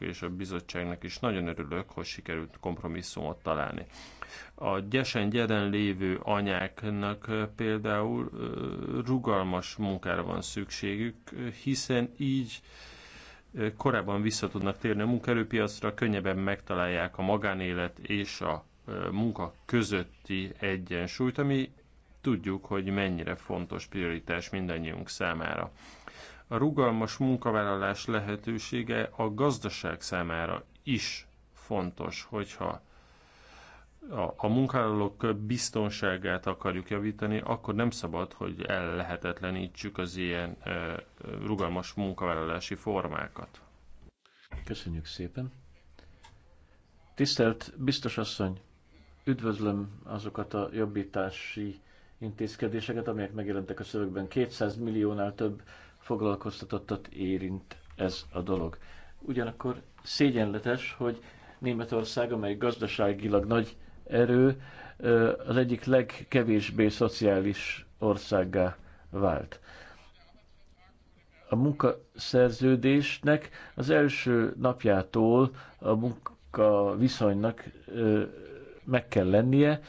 és a bizottságnak is nagyon örülök, hogy sikerült kompromisszumot találni. A gyesen gyeren lévő anyáknak például rugalmas munkára van szükségük, hiszen így korábban vissza tudnak térni a munkaerőpiacra, könnyebben megtalálják a magánélet és a munka közötti egyensúlyt, ami tudjuk, hogy mennyire fontos prioritás mindannyiunk számára. A rugalmas munkavállalás lehetősége a gazdaság számára is fontos, hogyha a, a munkavállalók biztonságát akarjuk javítani, akkor nem szabad, hogy ellehetetlenítsük az ilyen e, rugalmas munkavállalási formákat. Köszönjük szépen. Tisztelt biztos asszony, üdvözlöm azokat a jobbítási intézkedéseket, amelyek megjelentek a szövegben. 200 milliónál több foglalkoztatottat érint ez a dolog. Ugyanakkor szégyenletes, hogy Németország, amely gazdaságilag nagy erő, az egyik legkevésbé szociális országá vált. A munkaszerződésnek az első napjától a munkaviszonynak meg kell lennie,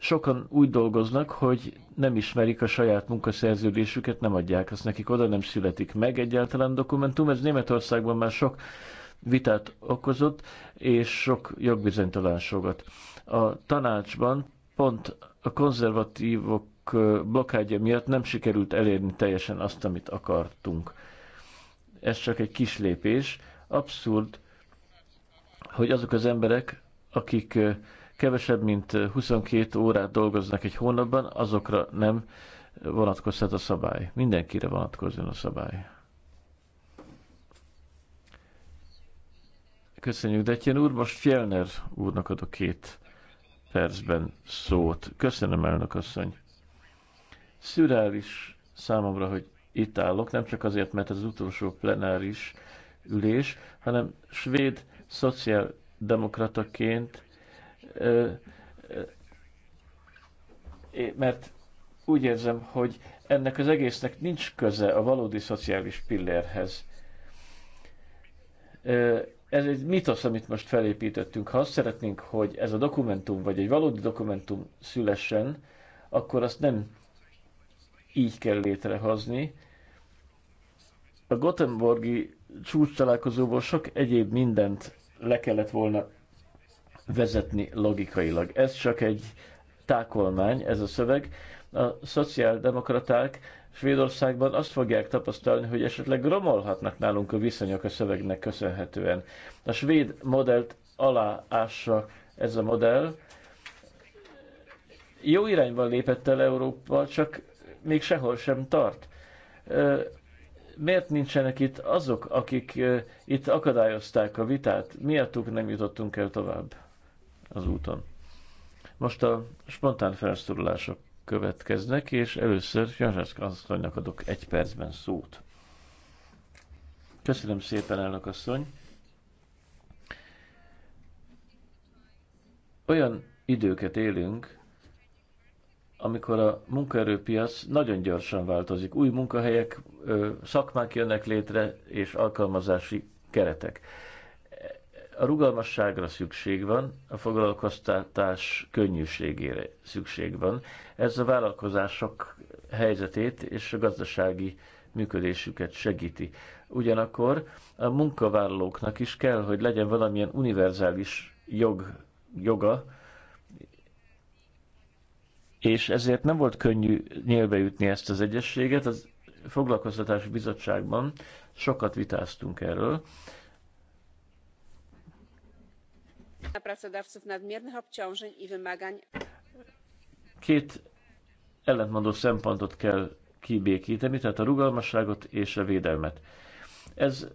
Sokan úgy dolgoznak, hogy nem ismerik a saját munkaszerződésüket, nem adják azt nekik oda, nem születik meg egyáltalán dokumentum. Ez Németországban már sok vitát okozott, és sok jogbizonytalanságot. A tanácsban pont a konzervatívok blokkádja miatt nem sikerült elérni teljesen azt, amit akartunk. Ez csak egy kis lépés. Abszurd, hogy azok az emberek, akik kevesebb, mint 22 órát dolgoznak egy hónapban, azokra nem vonatkozhat a szabály. Mindenkire vonatkozzon a szabály. Köszönjük, Detjen úr. Most Fjellner úrnak adok két percben szót. Köszönöm, elnök asszony. Szürális számomra, hogy itt állok, nem csak azért, mert ez az utolsó plenáris ülés, hanem svéd szociáldemokrataként mert úgy érzem, hogy ennek az egésznek nincs köze a valódi szociális pillérhez. Ez egy mitosz, amit most felépítettünk. Ha azt szeretnénk, hogy ez a dokumentum, vagy egy valódi dokumentum szülessen, akkor azt nem így kell létrehozni. A Gothenburgi csúcs találkozóból sok egyéb mindent le kellett volna vezetni logikailag. Ez csak egy tákolmány, ez a szöveg. A szociáldemokraták Svédországban azt fogják tapasztalni, hogy esetleg romolhatnak nálunk a viszonyok a szövegnek köszönhetően. A svéd modellt aláássa ez a modell. Jó irányban lépett el Európa, csak még sehol sem tart. Miért nincsenek itt azok, akik itt akadályozták a vitát? Miattuk nem jutottunk el tovább? az úton. Most a spontán felszólalások következnek, és először Janzseszka asszonynak adok egy percben szót. Köszönöm szépen, elnök asszony! Olyan időket élünk, amikor a munkaerőpiac nagyon gyorsan változik. Új munkahelyek, szakmák jönnek létre, és alkalmazási keretek. A rugalmasságra szükség van, a foglalkoztatás könnyűségére szükség van. Ez a vállalkozások helyzetét és a gazdasági működésüket segíti. Ugyanakkor a munkavállalóknak is kell, hogy legyen valamilyen univerzális jog, joga, és ezért nem volt könnyű jutni ezt az egyességet. a foglalkoztatási bizottságban sokat vitáztunk erről, Két ellentmondó szempontot kell kibékíteni, tehát a rugalmasságot és a védelmet. Ez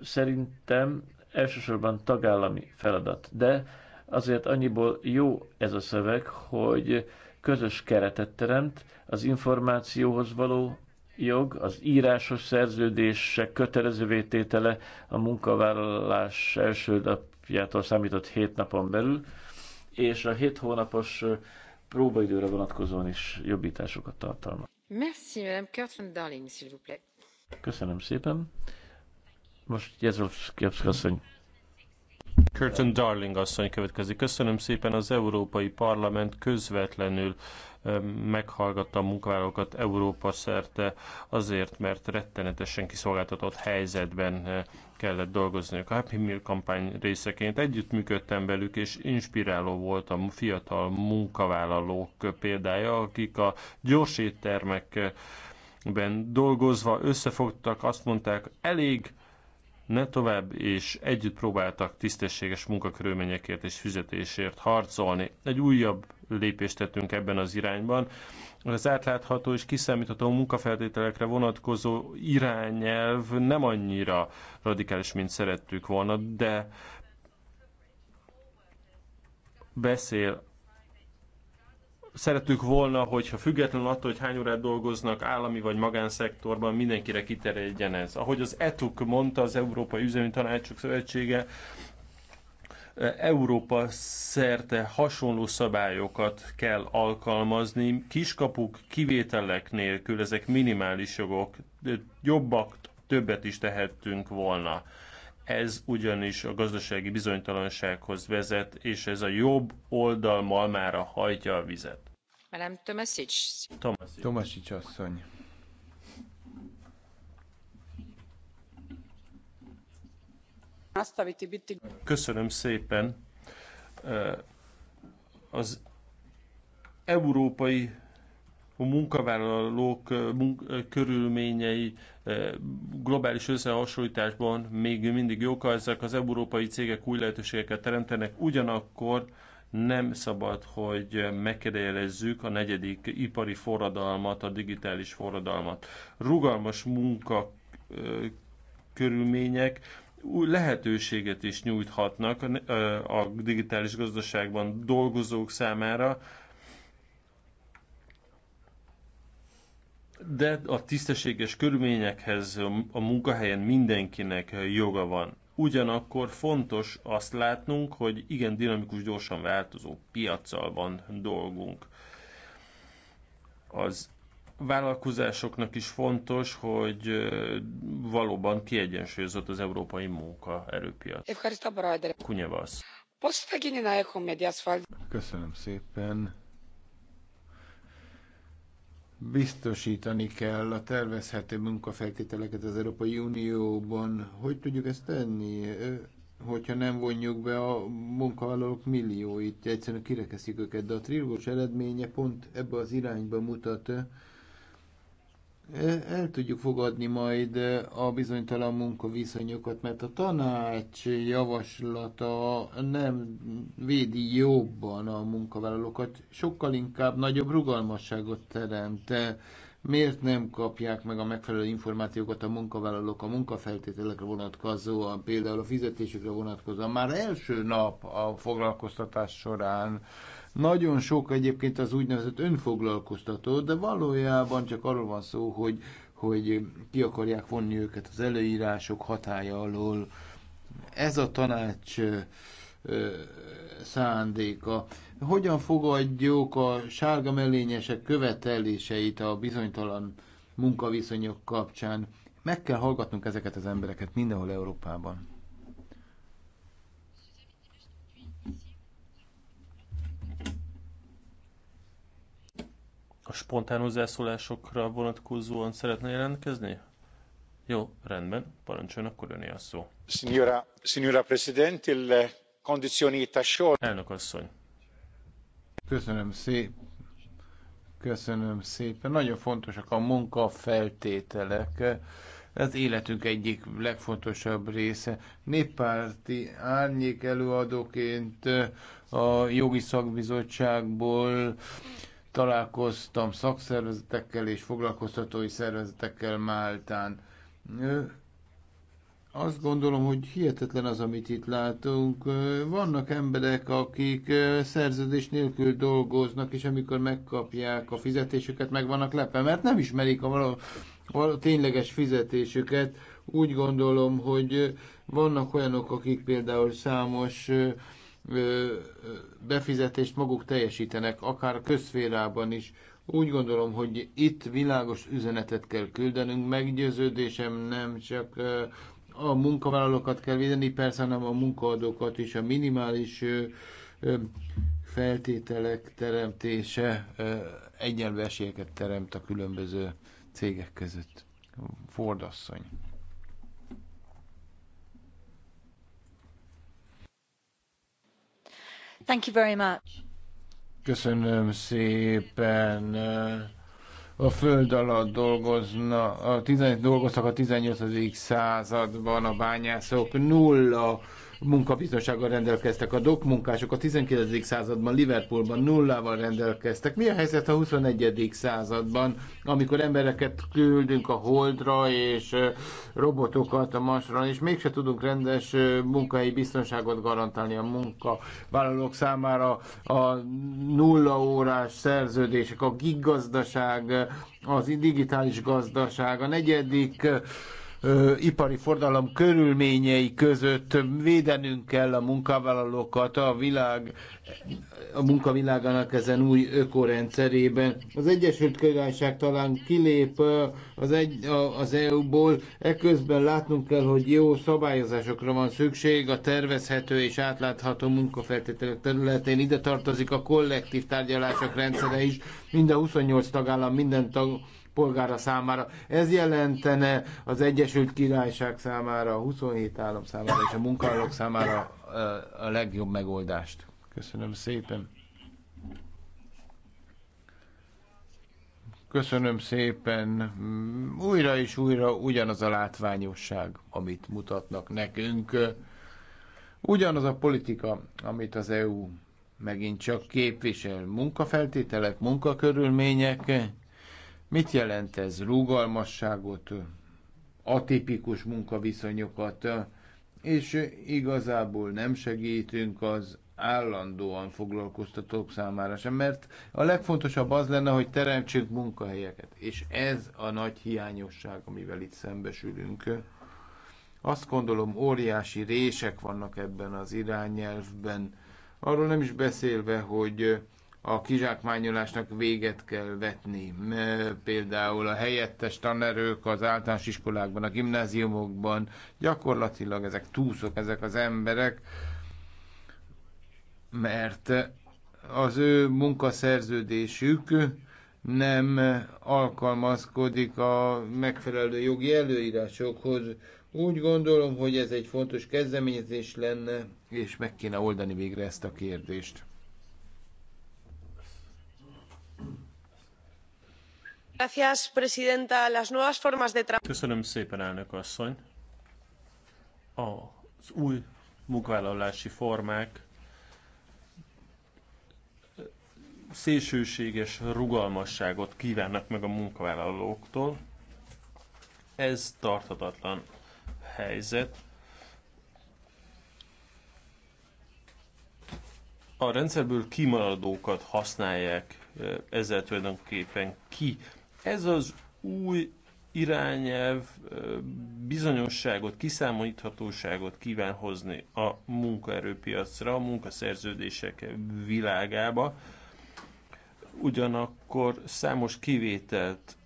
szerintem elsősorban tagállami feladat, de azért annyiból jó ez a szöveg, hogy közös keretet teremt az információhoz való jog, az írásos szerződések kötelezővé tétele, a munkavállalás első fiától számított 7 napon belül, és a 7 hónapos próbaidőre vonatkozóan is jobbításokat tartalmaz. Merci, Madame Kertrand, Darling, s'il vous plaît. Köszönöm szépen. Most Jezrovszki asszony. Curtin Darling asszony következik. Köszönöm szépen az Európai Parlament közvetlenül meghallgatta a munkavállalókat Európa szerte azért, mert rettenetesen kiszolgáltatott helyzetben kellett dolgozniuk. A Happy Meal kampány részeként együttműködtem velük, és inspiráló volt a fiatal munkavállalók példája, akik a gyors éttermekben dolgozva összefogtak, azt mondták, elég, ne tovább, és együtt próbáltak tisztességes munkakörülményekért és fizetésért harcolni. Egy újabb lépést tettünk ebben az irányban az átlátható és kiszámítható munkafeltételekre vonatkozó irányelv nem annyira radikális, mint szerettük volna, de beszél szerettük volna, hogyha független attól, hogy hány órát dolgoznak állami vagy magánszektorban, mindenkire kiterjedjen ez. Ahogy az ETUK mondta, az Európai Üzemi Tanácsok Szövetsége, Európa szerte hasonló szabályokat kell alkalmazni, kiskapuk, kivételek nélkül, ezek minimális jogok, jobbak, többet is tehettünk volna. Ez ugyanis a gazdasági bizonytalansághoz vezet, és ez a jobb oldal malmára hajtja a vizet. Velem Tomasics. Tomasics asszony. Köszönöm szépen. Az európai a munkavállalók munk- körülményei globális összehasonlításban még mindig jók, ezek az európai cégek új lehetőségeket teremtenek, ugyanakkor nem szabad, hogy megkedélyezzük a negyedik ipari forradalmat, a digitális forradalmat. Rugalmas munka körülmények, új lehetőséget is nyújthatnak a digitális gazdaságban dolgozók számára, de a tisztességes körülményekhez a munkahelyen mindenkinek joga van. Ugyanakkor fontos azt látnunk, hogy igen dinamikus, gyorsan változó piaccal van dolgunk. Az vállalkozásoknak is fontos, hogy valóban kiegyensúlyozott az európai munkaerőpiac. Kunyevasz. Köszönöm szépen. Biztosítani kell a tervezhető munkafeltételeket az Európai Unióban. Hogy tudjuk ezt tenni? hogyha nem vonjuk be a munkavállalók millióit, egyszerűen kirekeszik őket, de a trilógus eredménye pont ebbe az irányba mutat, el tudjuk fogadni majd eh, a bizonytalan munkaviszonyokat, mert a tanács javaslata nem védi jobban a munkavállalókat, sokkal inkább nagyobb rugalmasságot teremt. Miért nem kapják meg a megfelelő információkat a munkavállalók a munkafeltételekre vonatkozóan, például a fizetésükre vonatkozóan már első nap a foglalkoztatás során? Nagyon sok egyébként az úgynevezett önfoglalkoztató, de valójában csak arról van szó, hogy, hogy ki akarják vonni őket az előírások hatája alól. Ez a tanács szándéka. Hogyan fogadjuk a sárga mellényesek követeléseit a bizonytalan munkaviszonyok kapcsán? Meg kell hallgatnunk ezeket az embereket mindenhol Európában. a spontán hozzászólásokra vonatkozóan szeretne jelentkezni? Jó, rendben, parancsoljon, akkor öné a szó. Signora, signora President, il sor. Elnök asszony. Köszönöm szépen. Köszönöm szépen. Nagyon fontosak a munkafeltételek. Ez életünk egyik legfontosabb része. Néppárti árnyék előadóként a jogi szakbizottságból találkoztam szakszervezetekkel és foglalkoztatói szervezetekkel Máltán. Azt gondolom, hogy hihetetlen az, amit itt látunk. Vannak emberek, akik szerződés nélkül dolgoznak, és amikor megkapják a fizetésüket, meg vannak lepve, mert nem ismerik a, való, a tényleges fizetésüket. Úgy gondolom, hogy vannak olyanok, akik például számos befizetést maguk teljesítenek, akár a is. Úgy gondolom, hogy itt világos üzenetet kell küldenünk, meggyőződésem nem csak a munkavállalókat kell védeni, persze, hanem a munkaadókat is, a minimális feltételek teremtése egyenlő esélyeket teremt a különböző cégek között. Ford asszony. Thank you very much. Köszönöm szépen. A föld alatt dolgozna, a 18, dolgoztak a 18. században a bányászok, nulla munkabiztonsággal rendelkeztek. A dokmunkások a 19. században Liverpoolban nullával rendelkeztek. Mi a helyzet a 21. században, amikor embereket küldünk a holdra és robotokat a Marsra, és mégse tudunk rendes munkai biztonságot garantálni a munkavállalók számára. A nulla órás szerződések, a giggazdaság, az digitális gazdaság, a negyedik ö, ipari forradalom körülményei között védenünk kell a munkavállalókat a világ, a munkavilágának ezen új ökorendszerében. Az Egyesült Királyság talán kilép az, egy, az EU-ból, eközben látnunk kell, hogy jó szabályozásokra van szükség a tervezhető és átlátható munkafeltételek területén. Ide tartozik a kollektív tárgyalások rendszere is. Mind a 28 tagállam minden tag, polgára számára. Ez jelentene az Egyesült Királyság számára, a 27 állam számára és a munkahelyek számára a legjobb megoldást. Köszönöm szépen. Köszönöm szépen. Újra és újra ugyanaz a látványosság, amit mutatnak nekünk. Ugyanaz a politika, amit az EU megint csak képvisel. Munkafeltételek, munkakörülmények, Mit jelent ez? Rugalmasságot, atipikus munkaviszonyokat, és igazából nem segítünk az állandóan foglalkoztatók számára sem, mert a legfontosabb az lenne, hogy teremtsünk munkahelyeket, és ez a nagy hiányosság, amivel itt szembesülünk. Azt gondolom, óriási rések vannak ebben az irányelvben, arról nem is beszélve, hogy a kizsákmányolásnak véget kell vetni. Például a helyettes tanerők az általános iskolákban, a gimnáziumokban, gyakorlatilag ezek túszok, ezek az emberek, mert az ő munkaszerződésük nem alkalmazkodik a megfelelő jogi előírásokhoz. Úgy gondolom, hogy ez egy fontos kezdeményezés lenne, és meg kéne oldani végre ezt a kérdést. Köszönöm szépen, elnök asszony. Az munkavállalási formák meg a munkavállalóktól. Ez helyzet. A rendszerből kimaradókat használják eh, ezzel ki ez az új irányelv bizonyosságot, kiszámolíthatóságot kíván hozni a munkaerőpiacra, a munkaszerződések világába, ugyanakkor számos kivételt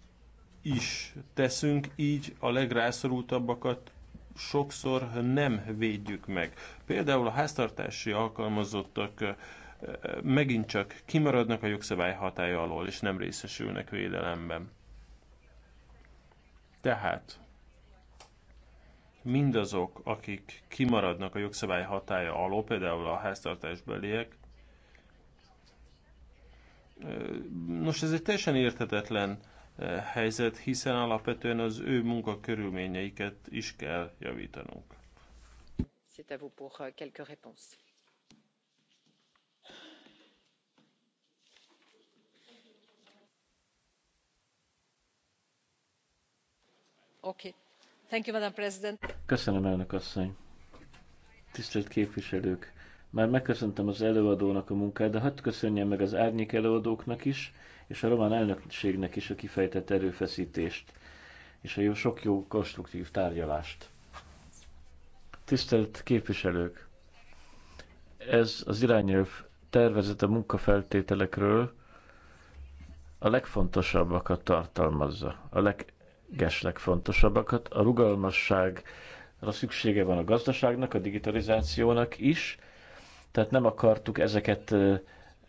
is teszünk, így a legrászorultabbakat sokszor nem védjük meg. Például a háztartási alkalmazottak megint csak kimaradnak a jogszabály hatája alól, és nem részesülnek védelemben. Tehát mindazok, akik kimaradnak a jogszabály hatája alól, például a háztartásbeliek, Nos, ez egy teljesen érthetetlen eh, helyzet, hiszen alapvetően az ő munkakörülményeiket is kell javítanunk. C'est à vous pour euh, quelques réponses. Köszönöm, elnök asszony. Tisztelt képviselők! Már megköszöntem az előadónak a munkát, de hadd köszönjem meg az árnyék előadóknak is, és a román elnökségnek is a kifejtett erőfeszítést, és a jó, sok jó konstruktív tárgyalást. Tisztelt képviselők! Ez az irányelv tervezet a munkafeltételekről a legfontosabbakat tartalmazza, a leg legesleg fontosabbakat. A rugalmasságra szüksége van a gazdaságnak, a digitalizációnak is, tehát nem akartuk ezeket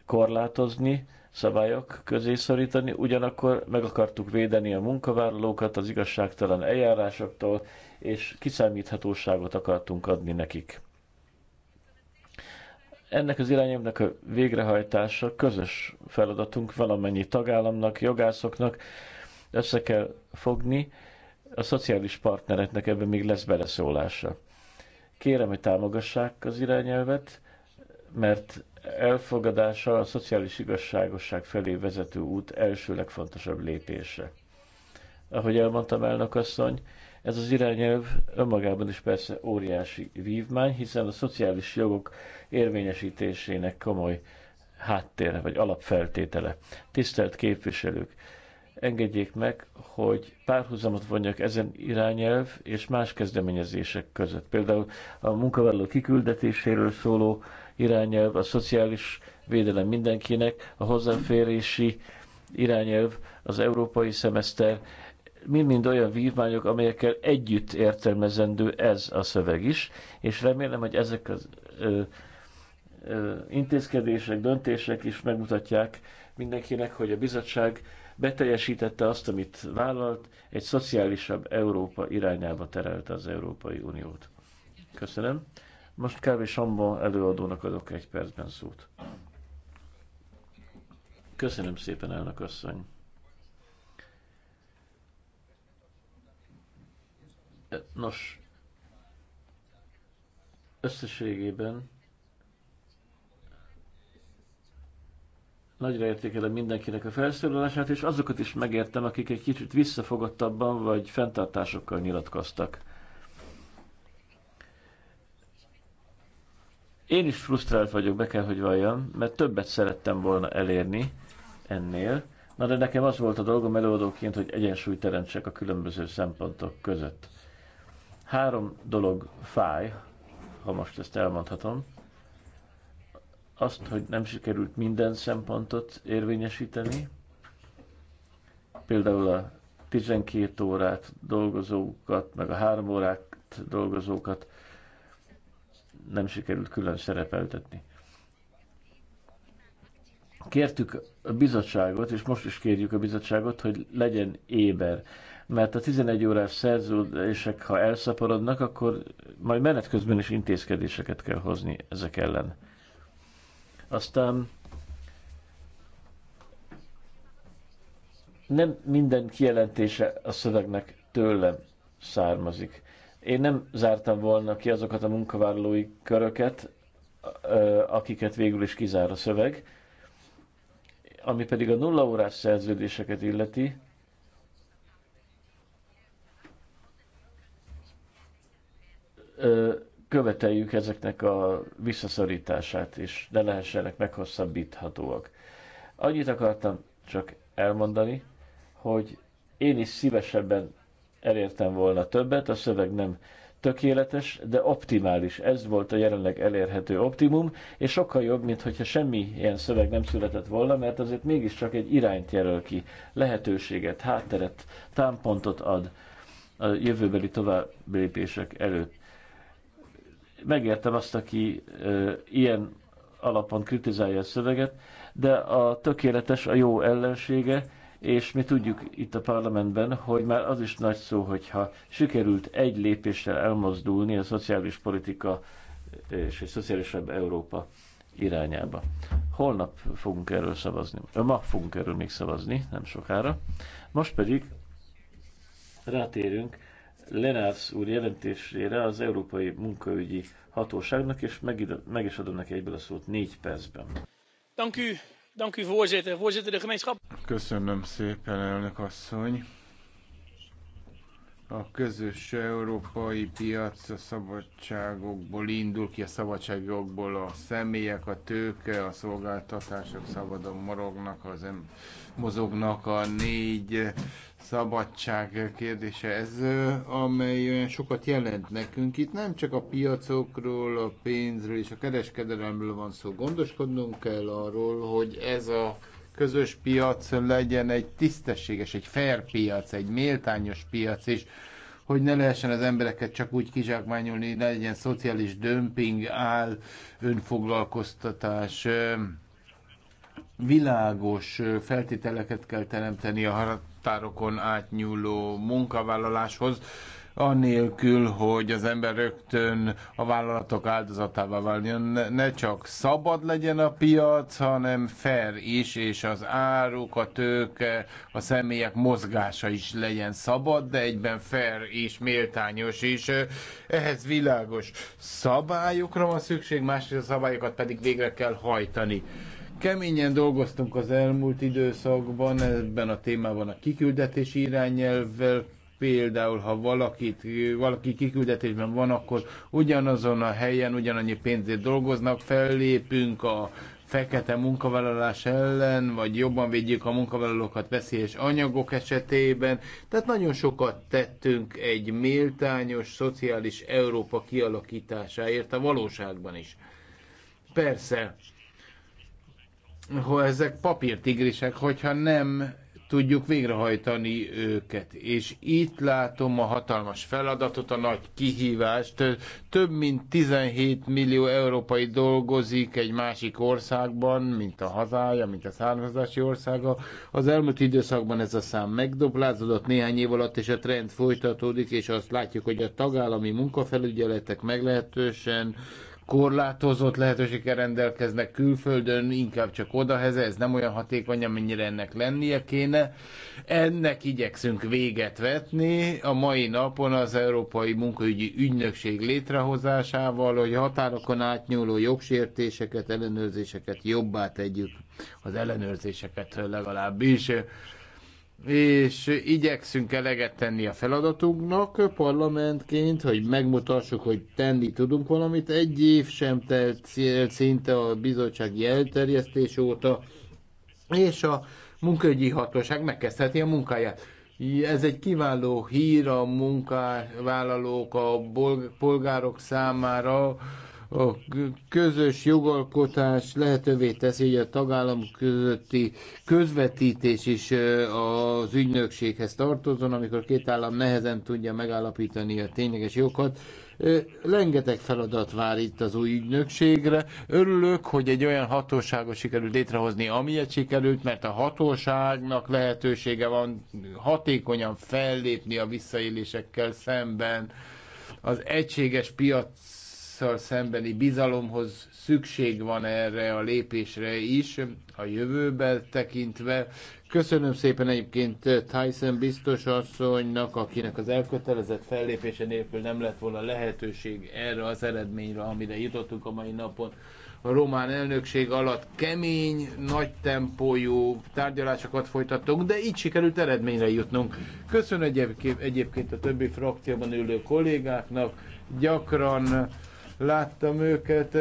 korlátozni, szabályok közé szorítani, ugyanakkor meg akartuk védeni a munkavállalókat az igazságtalan eljárásoktól, és kiszámíthatóságot akartunk adni nekik. Ennek az irányomnak a végrehajtása közös feladatunk valamennyi tagállamnak, jogászoknak, össze kell fogni, a szociális partnereknek ebben még lesz beleszólása. Kérem, hogy támogassák az irányelvet, mert elfogadása a szociális igazságosság felé vezető út első legfontosabb lépése. Ahogy elmondtam, elnök asszony, ez az irányelv önmagában is persze óriási vívmány, hiszen a szociális jogok érvényesítésének komoly háttér vagy alapfeltétele. Tisztelt képviselők! engedjék meg, hogy párhuzamot vonjak ezen irányelv és más kezdeményezések között. Például a munkavállaló kiküldetéséről szóló irányelv, a szociális védelem mindenkinek, a hozzáférési irányelv, az európai szemeszter, mind-mind olyan vívmányok, amelyekkel együtt értelmezendő ez a szöveg is, és remélem, hogy ezek az ö, ö, intézkedések, döntések is megmutatják mindenkinek, hogy a bizottság beteljesítette azt, amit vállalt, egy szociálisabb Európa irányába terelte az Európai Uniót. Köszönöm. Most Kávé Samba előadónak adok egy percben szót. Köszönöm szépen, elnök asszony. Nos, összességében Nagyra értékelem mindenkinek a felszólalását, és azokat is megértem, akik egy kicsit visszafogottabban vagy fenntartásokkal nyilatkoztak. Én is frusztrált vagyok, be kell, hogy valljam, mert többet szerettem volna elérni ennél. Na de nekem az volt a dolgom előadóként, hogy egyensúly teremtsek a különböző szempontok között. Három dolog fáj, ha most ezt elmondhatom azt, hogy nem sikerült minden szempontot érvényesíteni, például a 12 órát dolgozókat, meg a 3 órát dolgozókat nem sikerült külön szerepeltetni. Kértük a bizottságot, és most is kérjük a bizottságot, hogy legyen éber, mert a 11 órás szerződések, ha elszaporodnak, akkor majd menet közben is intézkedéseket kell hozni ezek ellen. Aztán nem minden kijelentése a szövegnek tőlem származik. Én nem zártam volna ki azokat a munkavállalói köröket, akiket végül is kizár a szöveg. Ami pedig a órás szerződéseket illeti, követeljük ezeknek a visszaszorítását is, ne lehessenek meghosszabbíthatóak. Annyit akartam csak elmondani, hogy én is szívesebben elértem volna többet, a szöveg nem tökéletes, de optimális. Ez volt a jelenleg elérhető optimum, és sokkal jobb, mint hogyha semmi ilyen szöveg nem született volna, mert azért mégiscsak egy irányt jelöl ki, lehetőséget, hátteret, támpontot ad a jövőbeli továbblépések előtt megértem azt, aki ilyen alapon kritizálja a szöveget, de a tökéletes a jó ellensége, és mi tudjuk itt a parlamentben, hogy már az is nagy szó, hogyha sikerült egy lépéssel elmozdulni a szociális politika és egy szociálisabb Európa irányába. Holnap fogunk erről szavazni. Ma fogunk erről még szavazni, nem sokára. Most pedig rátérünk Lenárs úr jelentésére az Európai Munkaügyi Hatóságnak, és meg, meg is adom neki egyből a szót négy percben. Dank u, voorzitter. Voorzitter, de gemeenschap... Köszönöm szépen, elnök asszony. A közös európai piac a szabadságokból indul ki, a szabadságokból a személyek, a tőke, a szolgáltatások szabadon morognak, az em- mozognak a négy szabadság kérdése ez, amely olyan sokat jelent nekünk. Itt nem csak a piacokról, a pénzről és a kereskedelemről van szó. Gondoskodnunk kell arról, hogy ez a közös piac legyen egy tisztességes, egy fair piac, egy méltányos piac, és hogy ne lehessen az embereket csak úgy kizsákmányolni, ne legyen szociális dömping, áll, önfoglalkoztatás, világos feltételeket kell teremteni a határokon átnyúló munkavállaláshoz, anélkül, hogy az ember rögtön a vállalatok áldozatává váljon. Ne csak szabad legyen a piac, hanem fair is, és az áruk, a tőke, a személyek mozgása is legyen szabad, de egyben fair is méltányos is. Ehhez világos szabályokra van szükség, másrészt a szabályokat pedig végre kell hajtani Keményen dolgoztunk az elmúlt időszakban, ebben a témában a kiküldetési irányelvvel, például, ha valakit, valaki kiküldetésben van, akkor ugyanazon a helyen ugyanannyi pénzért dolgoznak, fellépünk a fekete munkavállalás ellen, vagy jobban védjük a munkavállalókat veszélyes anyagok esetében. Tehát nagyon sokat tettünk egy méltányos, szociális Európa kialakításáért a valóságban is. Persze, hogy ezek papírtigrisek, hogyha nem tudjuk végrehajtani őket. És itt látom a hatalmas feladatot, a nagy kihívást. Több mint 17 millió európai dolgozik egy másik országban, mint a hazája, mint a származási országa. Az elmúlt időszakban ez a szám megdoblázódott néhány év alatt, és a trend folytatódik, és azt látjuk, hogy a tagállami munkafelügyeletek meglehetősen korlátozott lehetőséggel rendelkeznek külföldön, inkább csak odaheze, ez nem olyan hatékony, amennyire ennek lennie kéne. Ennek igyekszünk véget vetni a mai napon az Európai Munkaügyi Ügynökség létrehozásával, hogy határokon átnyúló jogsértéseket, ellenőrzéseket jobbá tegyük, az ellenőrzéseket legalábbis és igyekszünk eleget tenni a feladatunknak parlamentként, hogy megmutassuk, hogy tenni tudunk valamit. Egy év sem telt szinte a bizottsági elterjesztés óta, és a munkaügyi hatóság megkezdheti a munkáját. Ez egy kiváló hír a munkavállalók, a polgárok számára, a közös jogalkotás lehetővé teszi, hogy a tagállam közötti közvetítés is az ügynökséghez tartozon, amikor két állam nehezen tudja megállapítani a tényleges jogokat. Lengeteg feladat vár itt az új ügynökségre. Örülök, hogy egy olyan hatóságot sikerült létrehozni, amilyet sikerült, mert a hatóságnak lehetősége van hatékonyan fellépni a visszaélésekkel szemben. Az egységes piac piacsal szembeni bizalomhoz szükség van erre a lépésre is a jövőbe tekintve. Köszönöm szépen egyébként Tyson biztos asszonynak, akinek az elkötelezett fellépése nélkül nem lett volna lehetőség erre az eredményre, amire jutottunk a mai napon. A román elnökség alatt kemény, nagy tempójú tárgyalásokat folytattunk, de így sikerült eredményre jutnunk. Köszönöm egyébként a többi frakcióban ülő kollégáknak, gyakran láttam őket,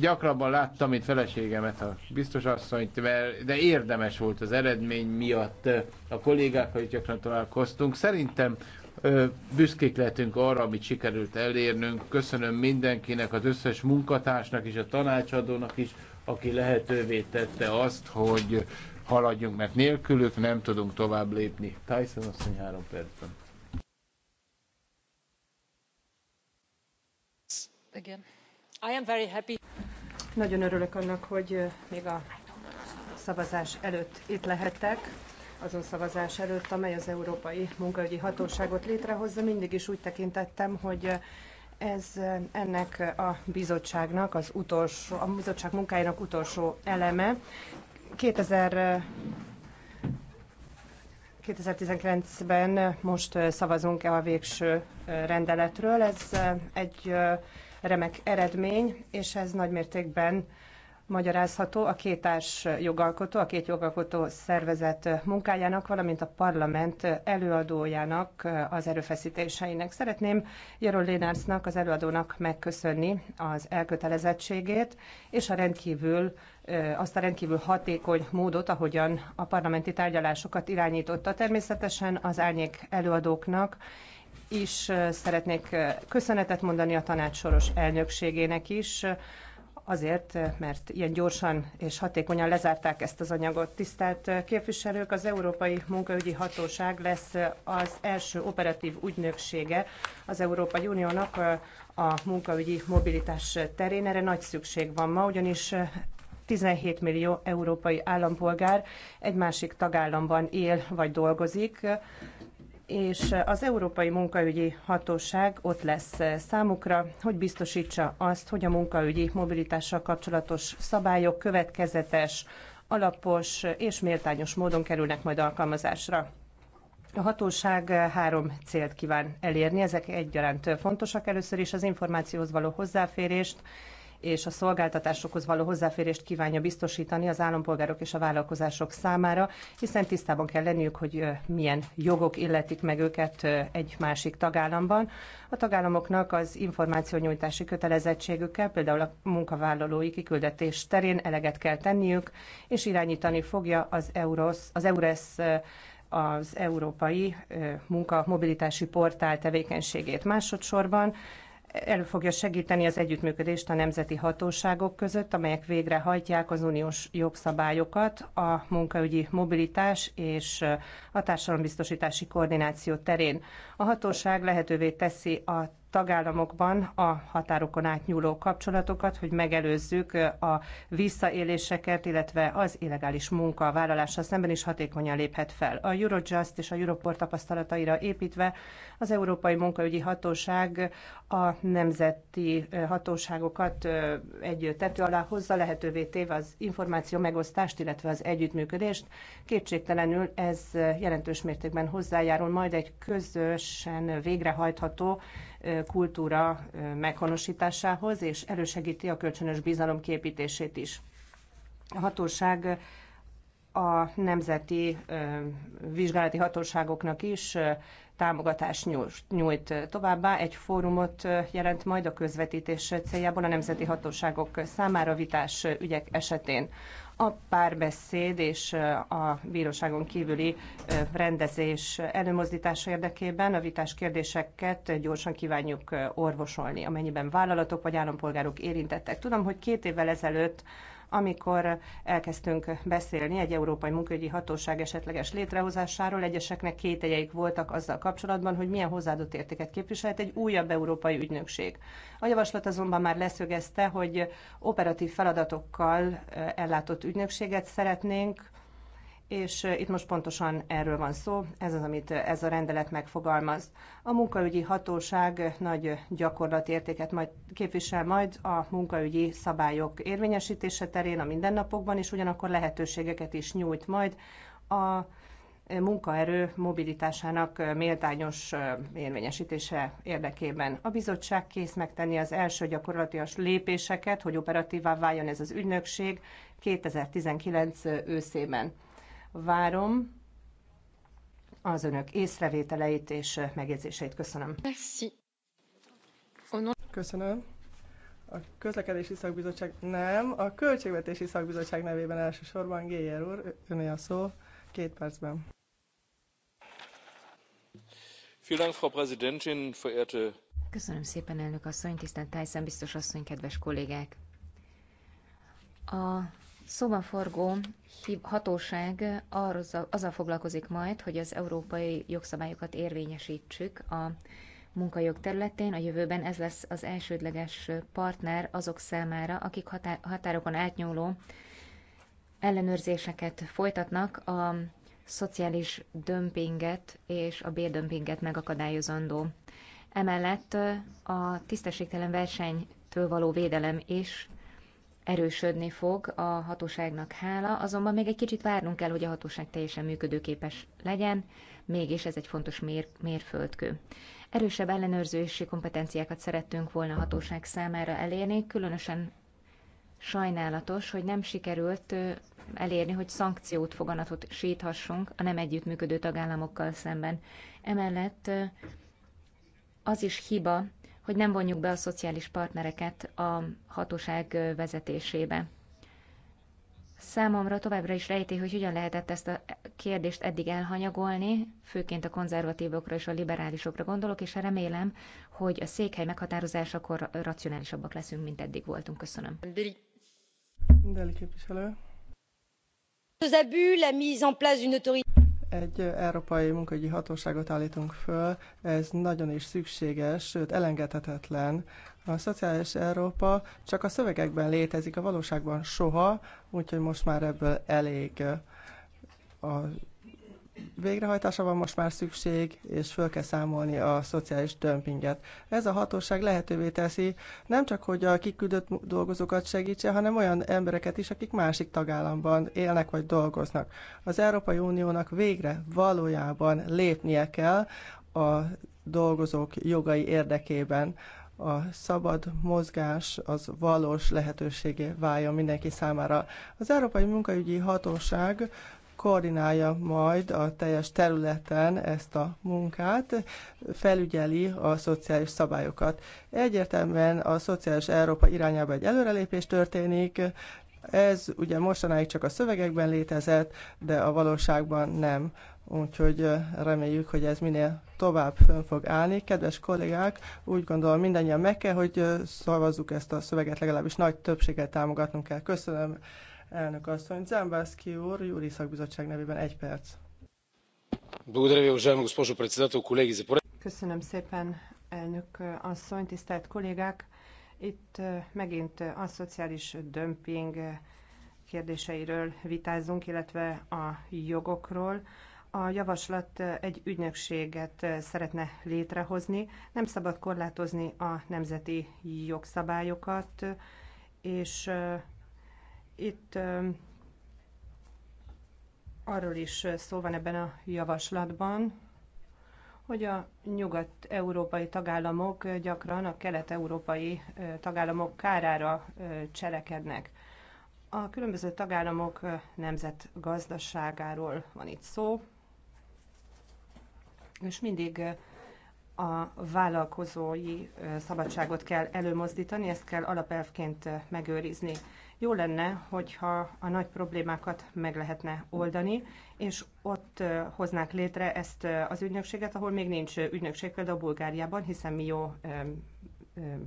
gyakrabban láttam, mint feleségemet, a biztos asszonyt, de érdemes volt az eredmény miatt a kollégákkal is gyakran találkoztunk. Szerintem büszkék lehetünk arra, amit sikerült elérnünk. Köszönöm mindenkinek, az összes munkatársnak és a tanácsadónak is, aki lehetővé tette azt, hogy haladjunk, mert nélkülük nem tudunk tovább lépni. Tyson asszony három percben. nagyon örülök annak hogy még a szavazás előtt itt lehettek azon szavazás előtt amely az európai munkaügyi hatóságot létrehozza mindig is úgy tekintettem hogy ez ennek a bizottságnak az utolsó a bizottság munkájának utolsó eleme 2000 2019-ben most szavazunk-e a végső rendeletről. Ez egy remek eredmény, és ez nagymértékben magyarázható a két társ jogalkotó, a két jogalkotó szervezet munkájának, valamint a parlament előadójának az erőfeszítéseinek. Szeretném Jaron Lénárcnak, az előadónak megköszönni az elkötelezettségét, és a rendkívül, azt a rendkívül hatékony módot, ahogyan a parlamenti tárgyalásokat irányította. Természetesen az árnyék előadóknak, is szeretnék köszönetet mondani a tanács soros elnökségének is, azért, mert ilyen gyorsan és hatékonyan lezárták ezt az anyagot. Tisztelt képviselők, az Európai Munkaügyi Hatóság lesz az első operatív ügynöksége az Európai Uniónak a munkaügyi mobilitás terén. Erre nagy szükség van ma, ugyanis 17 millió európai állampolgár egy másik tagállamban él vagy dolgozik és az Európai Munkaügyi Hatóság ott lesz eh, számukra, hogy biztosítsa azt, hogy a munkaügyi mobilitással kapcsolatos szabályok következetes, alapos és méltányos módon kerülnek majd alkalmazásra. A hatóság eh, három célt kíván elérni, ezek egyaránt eh, fontosak. Először is az információhoz való hozzáférést, és a szolgáltatásokhoz való hozzáférést kívánja biztosítani az állampolgárok és a vállalkozások számára, hiszen tisztában kell lenniük, hogy milyen jogok illetik meg őket egy másik tagállamban. A tagállamoknak az információnyújtási kötelezettségükkel, például a munkavállalói kiküldetés terén eleget kell tenniük, és irányítani fogja az, Euros, az EURES az európai munkamobilitási portál tevékenységét. Másodszorban elő fogja segíteni az együttműködést a nemzeti hatóságok között, amelyek végrehajtják az uniós jogszabályokat a munkaügyi mobilitás és a társadalombiztosítási koordináció terén. A hatóság lehetővé teszi a tagállamokban a határokon átnyúló kapcsolatokat, hogy megelőzzük a visszaéléseket, illetve az illegális munka vállalása szemben is hatékonyan léphet fel. A Eurojust és a Europort tapasztalataira építve az Európai Munkaügyi Hatóság a nemzeti hatóságokat egy tető alá hozza, lehetővé téve az információ megosztást, illetve az együttműködést. Kétségtelenül ez jelentős mértékben hozzájárul majd egy közösen végrehajtható kultúra meghonosításához, és elősegíti a kölcsönös bizalom képítését is. A hatóság a nemzeti vizsgálati hatóságoknak is támogatást nyújt. Továbbá egy fórumot jelent majd a közvetítés céljából a nemzeti hatóságok számára vitás ügyek esetén a párbeszéd és a bíróságon kívüli rendezés előmozdítása érdekében a vitás kérdéseket gyorsan kívánjuk orvosolni, amennyiben vállalatok vagy állampolgárok érintettek. Tudom, hogy két évvel ezelőtt amikor elkezdtünk beszélni egy Európai Munkaügyi Hatóság esetleges létrehozásáról, egyeseknek kételjeik voltak azzal kapcsolatban, hogy milyen hozzáadott értéket képviselt egy újabb európai ügynökség. A javaslat azonban már leszögezte, hogy operatív feladatokkal eh, ellátott ügynökséget szeretnénk, és itt most pontosan erről van szó, ez az, amit ez a rendelet megfogalmaz. A munkaügyi hatóság nagy értéket majd képvisel majd a munkaügyi szabályok érvényesítése terén a mindennapokban, és ugyanakkor lehetőségeket is nyújt majd a munkaerő mobilitásának méltányos érvényesítése érdekében. A bizottság kész megtenni az első gyakorlatias lépéseket, hogy operatívá váljon ez az ügynökség 2019 őszében. Várom az önök észrevételeit és megjegyzéseit. Köszönöm. Merci. Köszönöm. A közlekedési szakbizottság nem, a költségvetési szakbizottság nevében elsősorban Géjer úr, öné a szó, két percben. Köszönöm szépen, elnök asszony, tisztelt Tyson, biztos asszony, kedves kollégák! A szobaforgó hatóság azzal foglalkozik majd, hogy az európai jogszabályokat érvényesítsük a munkajog területén. A jövőben ez lesz az elsődleges partner azok számára, akik határokon átnyúló ellenőrzéseket folytatnak a szociális dömpinget és a bérdömpinget megakadályozandó. Emellett a tisztességtelen versenytől való védelem is erősödni fog a hatóságnak hála, azonban még egy kicsit várnunk kell, hogy a hatóság teljesen működőképes legyen, mégis ez egy fontos mér, mérföldkő. Erősebb ellenőrzési kompetenciákat szerettünk volna a hatóság számára elérni, különösen sajnálatos, hogy nem sikerült elérni, hogy szankciót foganatot síthassunk a nem együttműködő tagállamokkal szemben. Emellett az is hiba, hogy nem vonjuk be a szociális partnereket a hatóság vezetésébe. Számomra továbbra is rejti, hogy hogyan lehetett ezt a kérdést eddig elhanyagolni, főként a konzervatívokra és a liberálisokra gondolok, és remélem, hogy a székhely meghatározásakor racionálisabbak leszünk, mint eddig voltunk. Köszönöm. Deli. Deli képviselő. Az abus, la mise en place d'une autorité. Egy európai munkaügyi hatóságot állítunk föl, ez nagyon is szükséges, sőt elengedhetetlen. A szociális Európa csak a szövegekben létezik, a valóságban soha, úgyhogy most már ebből elég. A végrehajtása van most már szükség, és föl kell számolni a szociális dömpinget. Ez a hatóság lehetővé teszi nem csak, hogy a kiküldött dolgozókat segítse, hanem olyan embereket is, akik másik tagállamban élnek vagy dolgoznak. Az Európai Uniónak végre valójában lépnie kell a dolgozók jogai érdekében a szabad mozgás az valós lehetőségé váljon mindenki számára. Az Európai Munkaügyi Hatóság koordinálja majd a teljes területen ezt a munkát, felügyeli a szociális szabályokat. Egyértelműen a szociális Európa irányába egy előrelépés történik, ez ugye mostanáig csak a szövegekben létezett, de a valóságban nem. Úgyhogy reméljük, hogy ez minél tovább fönn fog állni. Kedves kollégák, úgy gondolom mindannyian meg kell, hogy szavazzuk ezt a szöveget, legalábbis nagy többséget támogatnunk kell. Köszönöm Elnök asszony, Zembászki úr, Júri Szakbizottság nevében egy perc. Köszönöm szépen, elnök asszony, tisztelt kollégák! Itt megint a szociális dömping kérdéseiről vitázunk, illetve a jogokról. A javaslat egy ügynökséget szeretne létrehozni. Nem szabad korlátozni a nemzeti jogszabályokat, és itt arról is szó van ebben a javaslatban, hogy a nyugat-európai tagállamok gyakran a kelet-európai tagállamok kárára cselekednek. A különböző tagállamok nemzetgazdaságáról van itt szó, és mindig a vállalkozói szabadságot kell előmozdítani, ezt kell alapelvként megőrizni. Jó lenne, hogyha a nagy problémákat meg lehetne oldani, és ott hoznák létre ezt az ügynökséget, ahol még nincs ügynökség, például Bulgáriában, hiszen mi jó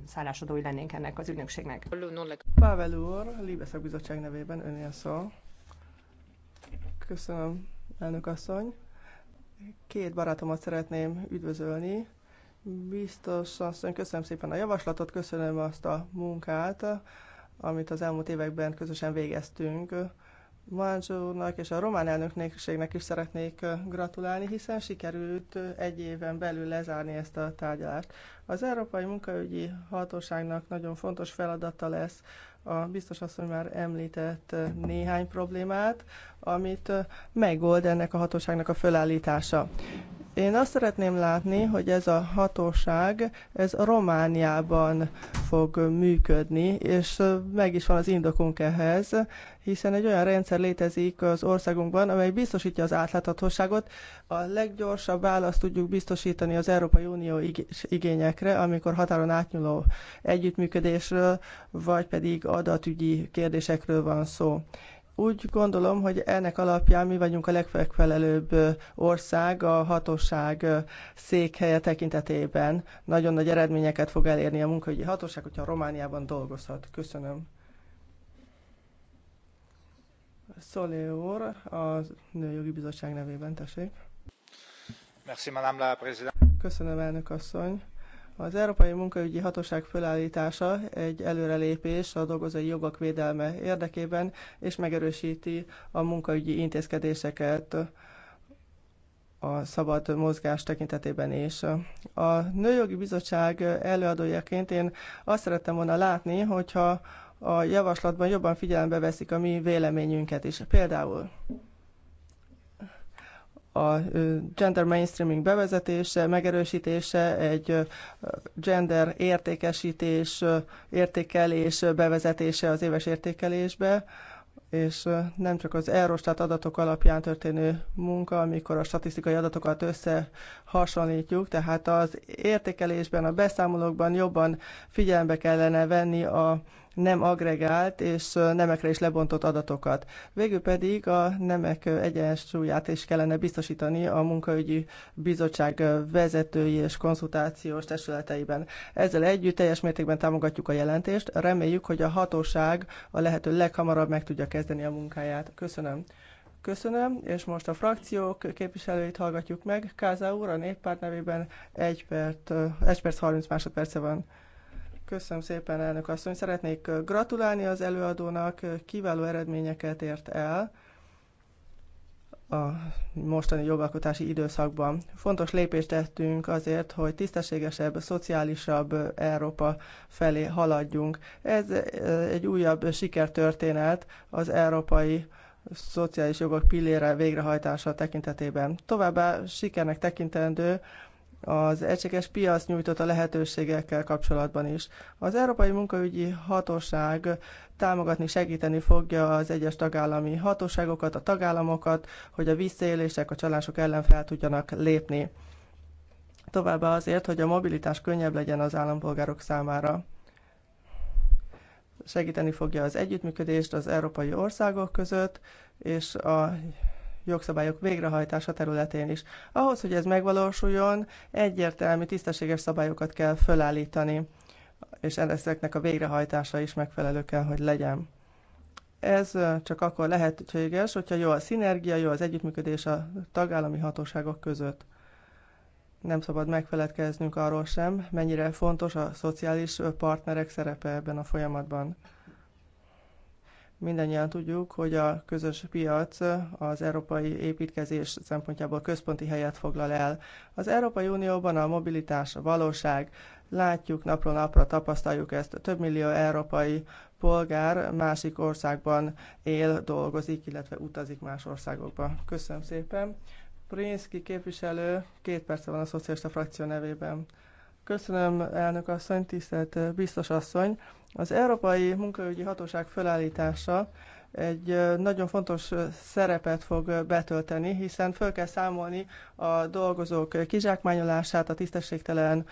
szállásadói lennénk ennek az ügynökségnek. Pavel úr, Libeszak Bizottság nevében önél szó. Köszönöm, elnök asszony. Két barátomat szeretném üdvözölni. Biztos asszony, köszönöm szépen a javaslatot, köszönöm azt a munkát, amit az elmúlt években közösen végeztünk. Manzsónak és a román elnökségnek is szeretnék gratulálni, hiszen sikerült egy éven belül lezárni ezt a tárgyalást. Az Európai Munkaügyi Hatóságnak nagyon fontos feladata lesz a biztos asszony már említett néhány problémát, amit megold ennek a hatóságnak a fölállítása. Én azt szeretném látni, hogy ez a hatóság, ez Romániában fog működni, és meg is van az indokunk ehhez, hiszen egy olyan rendszer létezik az országunkban, amely biztosítja az átláthatóságot. A leggyorsabb választ tudjuk biztosítani az Európai Unió igényekre, amikor határon átnyúló együttműködésről, vagy pedig adatügyi kérdésekről van szó. Úgy gondolom, hogy ennek alapján mi vagyunk a legfelelőbb ország a hatóság székhelye tekintetében. Nagyon nagy eredményeket fog elérni a munkahogyi hatóság, hogyha Romániában dolgozhat. Köszönöm. Szolé úr, a Nőjogi Bizottság nevében, tessék. Merci, Madame la Köszönöm, elnök asszony az Európai Munkaügyi Hatóság fölállítása egy előrelépés a dolgozói jogok védelme érdekében, és megerősíti a munkaügyi intézkedéseket a szabad mozgás tekintetében is. A Nőjogi Bizottság előadójaként én azt szerettem volna látni, hogyha a javaslatban jobban figyelembe veszik a mi véleményünket is. Például a gender mainstreaming bevezetése, megerősítése, egy gender értékesítés, értékelés bevezetése az éves értékelésbe, és nem csak az Eurostat adatok alapján történő munka, amikor a statisztikai adatokat összehasonlítjuk, tehát az értékelésben, a beszámolókban jobban figyelembe kellene venni a nem agregált és nemekre is lebontott adatokat. Végül pedig a nemek egyensúlyát is kellene biztosítani a munkaügyi bizottság vezetői és konzultációs testületeiben. Ezzel együtt teljes mértékben támogatjuk a jelentést. Reméljük, hogy a hatóság a lehető leghamarabb meg tudja kezdeni a munkáját. Köszönöm. Köszönöm, és most a frakciók képviselőit hallgatjuk meg. Káza úr a néppárt nevében 1 perc, 1 perc 30 másodperce van. Köszönöm szépen, elnök asszony. Szeretnék gratulálni az előadónak, kiváló eredményeket ért el a mostani jogalkotási időszakban. Fontos lépést tettünk azért, hogy tisztességesebb, szociálisabb Európa felé haladjunk. Ez egy újabb sikertörténet az európai szociális jogok pillére végrehajtása tekintetében. Továbbá sikernek tekintendő az egységes piac nyújtotta lehetőségekkel kapcsolatban is. Az Európai Munkaügyi Hatóság támogatni, segíteni fogja az egyes tagállami hatóságokat, a tagállamokat, hogy a visszaélések, a csalások ellen fel tudjanak lépni. Továbbá azért, hogy a mobilitás könnyebb legyen az állampolgárok számára segíteni fogja az együttműködést az európai országok között, és a jogszabályok végrehajtása területén is. Ahhoz, hogy ez megvalósuljon, egyértelmű, tisztességes szabályokat kell fölállítani, és ezeknek a végrehajtása is megfelelő kell, hogy legyen. Ez csak akkor lehetséges, hogyha jó a szinergia, jó az együttműködés a tagállami hatóságok között nem szabad megfeledkeznünk arról sem, mennyire fontos a szociális partnerek szerepe ebben a folyamatban mindannyian tudjuk, hogy a közös piac az európai építkezés szempontjából központi helyet foglal el. Az Európai Unióban a mobilitás a valóság. Látjuk napról napra, tapasztaljuk ezt. Több millió európai polgár másik országban él, dolgozik, illetve utazik más országokba. Köszönöm szépen. Prinszki képviselő, két perce van a szocialista frakció nevében. Köszönöm, elnök asszony, tisztelt biztos asszony. Az Európai Munkaügyi Hatóság felállítása egy nagyon fontos szerepet fog betölteni, hiszen föl kell számolni a dolgozók kizsákmányolását, a tisztességtelen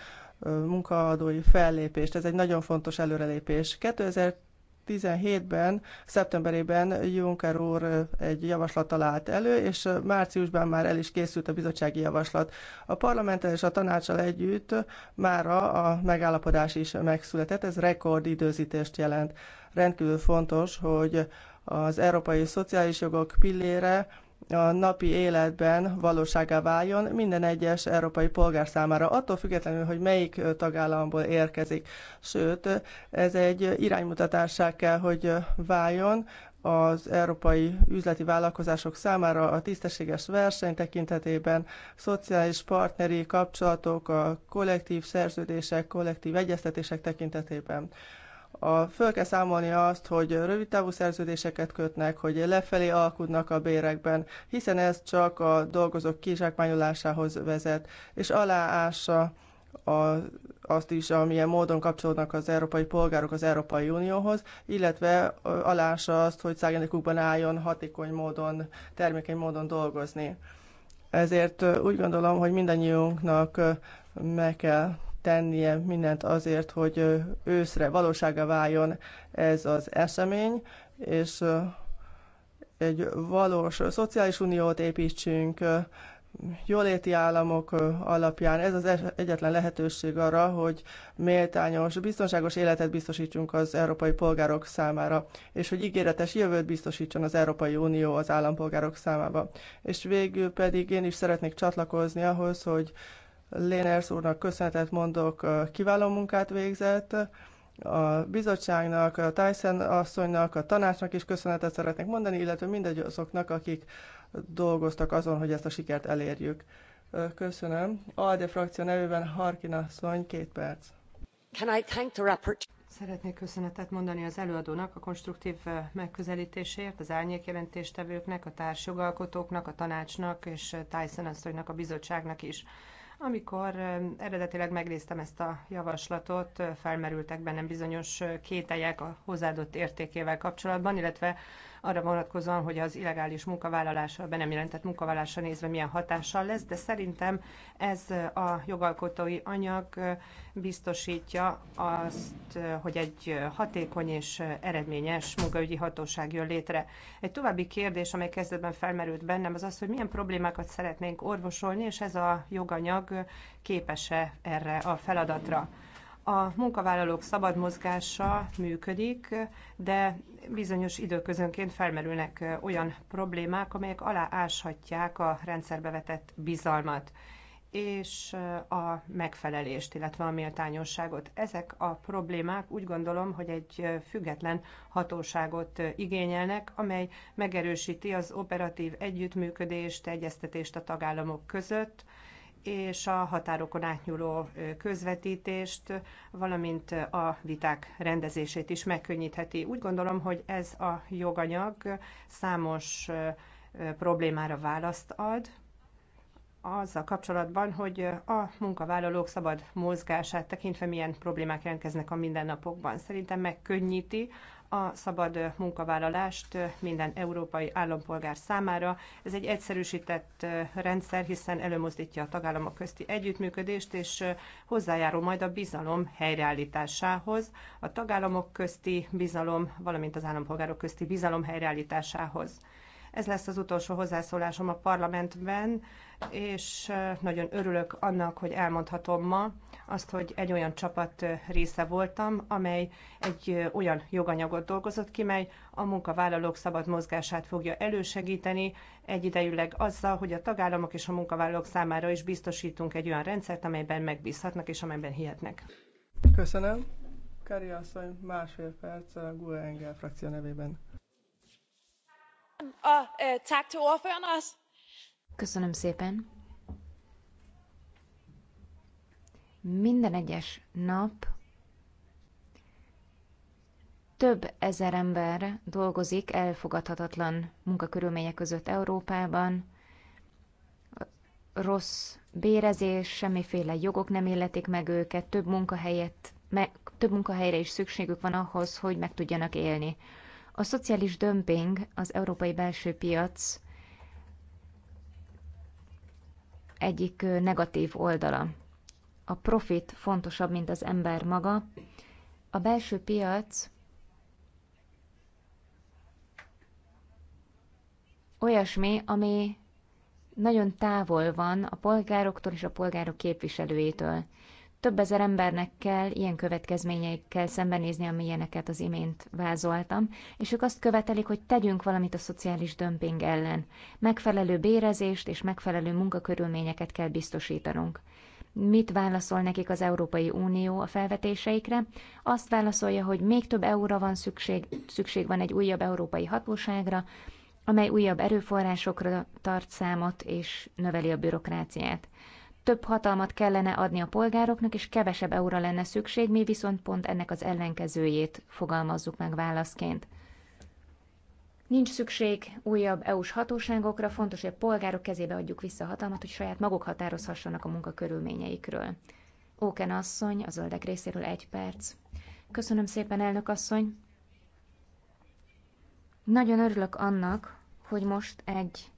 munkaadói fellépést. Ez egy nagyon fontos előrelépés. 2000 2017-ben, szeptemberében Juncker úr egy javaslat állt elő, és márciusban már el is készült a bizottsági javaslat. A parlamenttel és a tanácsal együtt már a megállapodás is megszületett, ez rekord időzítést jelent. Rendkívül fontos, hogy az európai szociális jogok pillére a napi életben valóságá váljon minden egyes európai polgár számára, attól függetlenül, hogy melyik tagállamból érkezik. Sőt, ez egy iránymutatássá kell, hogy váljon az európai üzleti vállalkozások számára a tisztességes verseny tekintetében, szociális partneri kapcsolatok, a kollektív szerződések, kollektív egyeztetések tekintetében a, föl kell számolni azt, hogy rövid távú szerződéseket kötnek, hogy lefelé alkudnak a bérekben, hiszen ez csak a dolgozók kizsákmányolásához vezet, és aláássa a, azt is, amilyen módon kapcsolódnak az európai polgárok az Európai Unióhoz, illetve aláássa azt, hogy szágyanikukban álljon hatékony módon, termékeny módon dolgozni. Ezért úgy gondolom, hogy mindannyiunknak meg kell tennie mindent azért, hogy őszre valósága váljon ez az esemény, és egy valós szociális uniót építsünk, jóléti államok alapján. Ez az egyetlen lehetőség arra, hogy méltányos, biztonságos életet biztosítsunk az európai polgárok számára, és hogy ígéretes jövőt biztosítson az Európai Unió az állampolgárok számába. És végül pedig én is szeretnék csatlakozni ahhoz, hogy Léners úrnak köszönetet mondok, kiváló munkát végzett, a bizottságnak, a Tyson asszonynak, a tanácsnak is köszönetet szeretnék mondani, illetve mindegy azoknak, akik dolgoztak azon, hogy ezt a sikert elérjük. Köszönöm. ALDE frakció nevében Harkin asszony, két perc. Can I thank the rapport? Szeretnék köszönetet mondani az előadónak a konstruktív megközelítésért, az árnyék jelentéstevőknek, a társjogalkotóknak, a tanácsnak és Tyson asszonynak, a bizottságnak is. Amikor eredetileg megnéztem ezt a javaslatot, felmerültek bennem bizonyos kételyek a hozzáadott értékével kapcsolatban, illetve arra vonatkozóan, hogy az illegális munkavállalással, be nem jelentett munkavállalásra nézve milyen hatással lesz, de szerintem ez a jogalkotói anyag biztosítja azt, hogy egy hatékony és eredményes munkaügyi hatóság jön létre. Egy további kérdés, amely kezdetben felmerült bennem, az az, hogy milyen problémákat szeretnénk orvosolni, és ez a joganyag képes-e erre a feladatra. A munkavállalók szabad mozgása működik, de bizonyos időközönként felmerülnek olyan problémák, amelyek alááshatják a rendszerbe vetett bizalmat és a megfelelést, illetve a méltányosságot. Ezek a problémák úgy gondolom, hogy egy független hatóságot igényelnek, amely megerősíti az operatív együttműködést, egyeztetést a tagállamok között, és a határokon átnyúló közvetítést, valamint a viták rendezését is megkönnyítheti. Úgy gondolom, hogy ez a joganyag számos problémára választ ad, azzal kapcsolatban, hogy a munkavállalók szabad mozgását tekintve milyen problémák jelentkeznek a mindennapokban. Szerintem megkönnyíti a szabad munkavállalást minden európai állampolgár számára. Ez egy egyszerűsített rendszer, hiszen előmozdítja a tagállamok közti együttműködést, és hozzájárul majd a bizalom helyreállításához, a tagállamok közti bizalom, valamint az állampolgárok közti bizalom helyreállításához. Ez lesz az utolsó hozzászólásom a parlamentben, és nagyon örülök annak, hogy elmondhatom ma, azt, hogy egy olyan csapat része voltam, amely egy olyan joganyagot dolgozott ki, mely a munkavállalók szabad mozgását fogja elősegíteni, egyidejűleg azzal, hogy a tagállamok és a munkavállalók számára is biztosítunk egy olyan rendszert, amelyben megbízhatnak és amelyben hihetnek. Köszönöm. Kari asszony, másfél perc a Gula Engel frakció nevében. Øh, Köszönöm szépen. minden egyes nap több ezer ember dolgozik elfogadhatatlan munkakörülmények között Európában, rossz bérezés, semmiféle jogok nem illetik meg őket, több, munkahelyet, több munkahelyre is szükségük van ahhoz, hogy meg tudjanak élni. A szociális dömping az európai belső piac egyik negatív oldala a profit fontosabb, mint az ember maga. A belső piac olyasmi, ami nagyon távol van a polgároktól és a polgárok képviselőjétől. Több ezer embernek kell ilyen következményeikkel szembenézni, amilyeneket az imént vázoltam, és ők azt követelik, hogy tegyünk valamit a szociális dömping ellen. Megfelelő bérezést és megfelelő munkakörülményeket kell biztosítanunk. Mit válaszol nekik az Európai Unió a felvetéseikre? Azt válaszolja, hogy még több euróra van szükség, szükség van egy újabb európai hatóságra, amely újabb erőforrásokra tart számot és növeli a bürokráciát. Több hatalmat kellene adni a polgároknak, és kevesebb euróra lenne szükség, mi viszont pont ennek az ellenkezőjét fogalmazzuk meg válaszként. Nincs szükség újabb EU-s hatóságokra, fontos, hogy a polgárok kezébe adjuk vissza a hatalmat, hogy saját maguk határozhassanak a munka körülményeikről. Óken asszony, a zöldek részéről egy perc. Köszönöm szépen, elnök asszony. Nagyon örülök annak, hogy most egy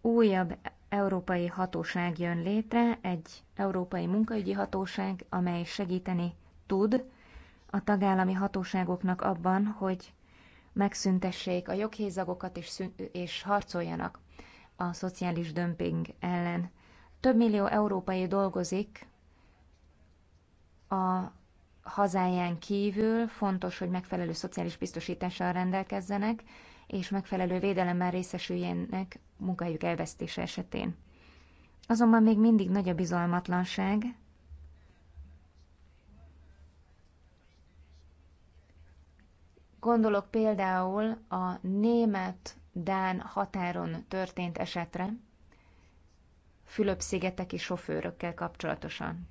újabb európai hatóság jön létre, egy európai munkaügyi hatóság, amely segíteni tud a tagállami hatóságoknak abban, hogy megszüntessék a joghézagokat és, és harcoljanak a szociális dömping ellen. Több millió európai dolgozik a hazáján kívül, fontos, hogy megfelelő szociális biztosítással rendelkezzenek, és megfelelő védelemmel részesüljenek munkájuk elvesztése esetén. Azonban még mindig nagy a bizalmatlanság, Gondolok például a német-dán határon történt esetre, Fülöp-szigeteki sofőrökkel kapcsolatosan.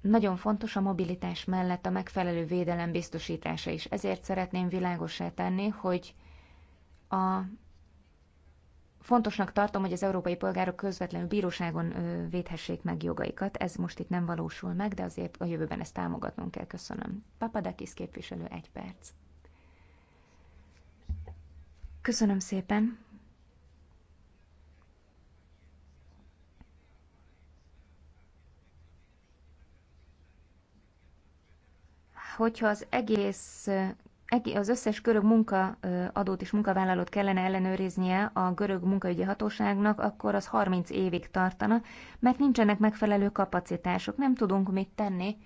Nagyon fontos a mobilitás mellett a megfelelő védelem biztosítása is. Ezért szeretném világosá tenni, hogy a Fontosnak tartom, hogy az európai polgárok közvetlenül bíróságon védhessék meg jogaikat. Ez most itt nem valósul meg, de azért a jövőben ezt támogatnunk kell. Köszönöm. Papadakis képviselő, egy perc. Köszönöm szépen. Hogyha az egész az összes görög munkaadót és munkavállalót kellene ellenőriznie a görög munkaügyi hatóságnak, akkor az 30 évig tartana, mert nincsenek megfelelő kapacitások, nem tudunk mit tenni,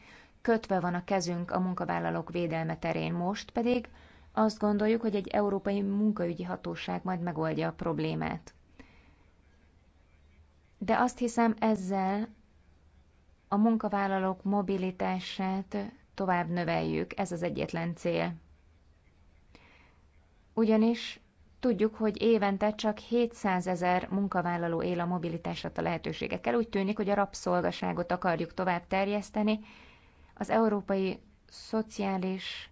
kötve van a kezünk a munkavállalók védelme terén most, pedig azt gondoljuk, hogy egy európai munkaügyi hatóság majd megoldja a problémát. De azt hiszem, ezzel a munkavállalók mobilitását tovább növeljük, ez az egyetlen cél ugyanis tudjuk, hogy évente csak 700 ezer munkavállaló él a mobilitásra a lehetőségekkel. Úgy tűnik, hogy a rabszolgaságot akarjuk tovább terjeszteni. Az európai szociális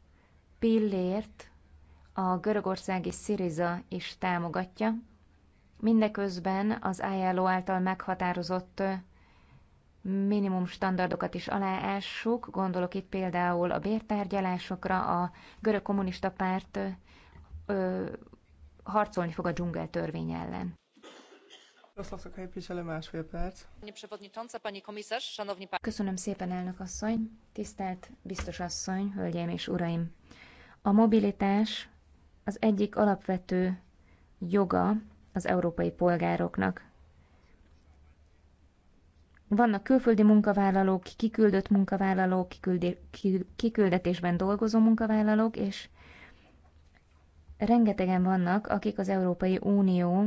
pillért a görögországi Syriza is támogatja. Mindeközben az ajánló által meghatározott minimum standardokat is aláássuk, gondolok itt például a bértárgyalásokra, a görög kommunista párt ö, harcolni fog a dzsungel törvény ellen. Köszönöm szépen, elnök asszony, tisztelt biztos asszony, hölgyeim és uraim! A mobilitás az egyik alapvető joga az európai polgároknak. Vannak külföldi munkavállalók, kiküldött munkavállalók, kiküldetésben dolgozó munkavállalók, és rengetegen vannak, akik az Európai Unió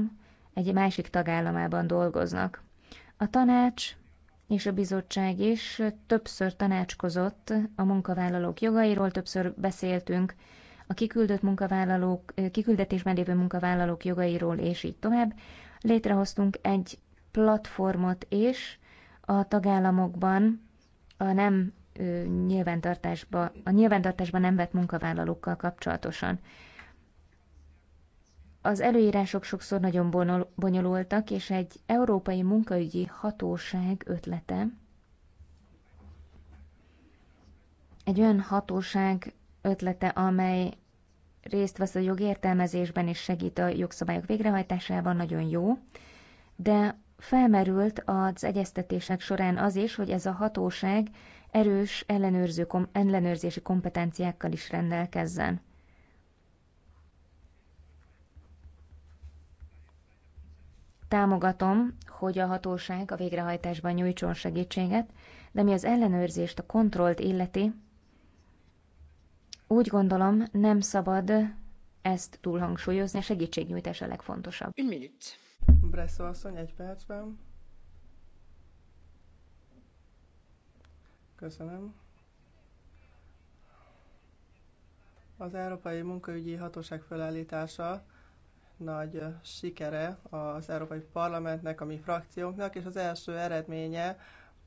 egy másik tagállamában dolgoznak. A tanács és a bizottság is többször tanácskozott a munkavállalók jogairól, többször beszéltünk a kiküldött munkavállalók, kiküldetésben lévő munkavállalók jogairól, és így tovább. Létrehoztunk egy platformot és a tagállamokban a nem nyilvántartásba, a nyilvántartásban nem vett munkavállalókkal kapcsolatosan. Az előírások sokszor nagyon bonyolultak, és egy európai munkaügyi hatóság ötlete, egy olyan hatóság ötlete, amely részt vesz a jogértelmezésben és segít a jogszabályok végrehajtásában, nagyon jó, de felmerült az egyeztetések során az is, hogy ez a hatóság erős ellenőrző, ellenőrzési kompetenciákkal is rendelkezzen. Támogatom, hogy a hatóság a végrehajtásban nyújtson segítséget, de mi az ellenőrzést, a kontrollt illeti, úgy gondolom, nem szabad ezt túlhangsúlyozni, a segítségnyújtás a legfontosabb. Egy minut. Bresszó asszony, egy percben. Köszönöm. Az Európai Munkaügyi Hatóság felállítása nagy sikere az Európai Parlamentnek, a mi frakciónknak, és az első eredménye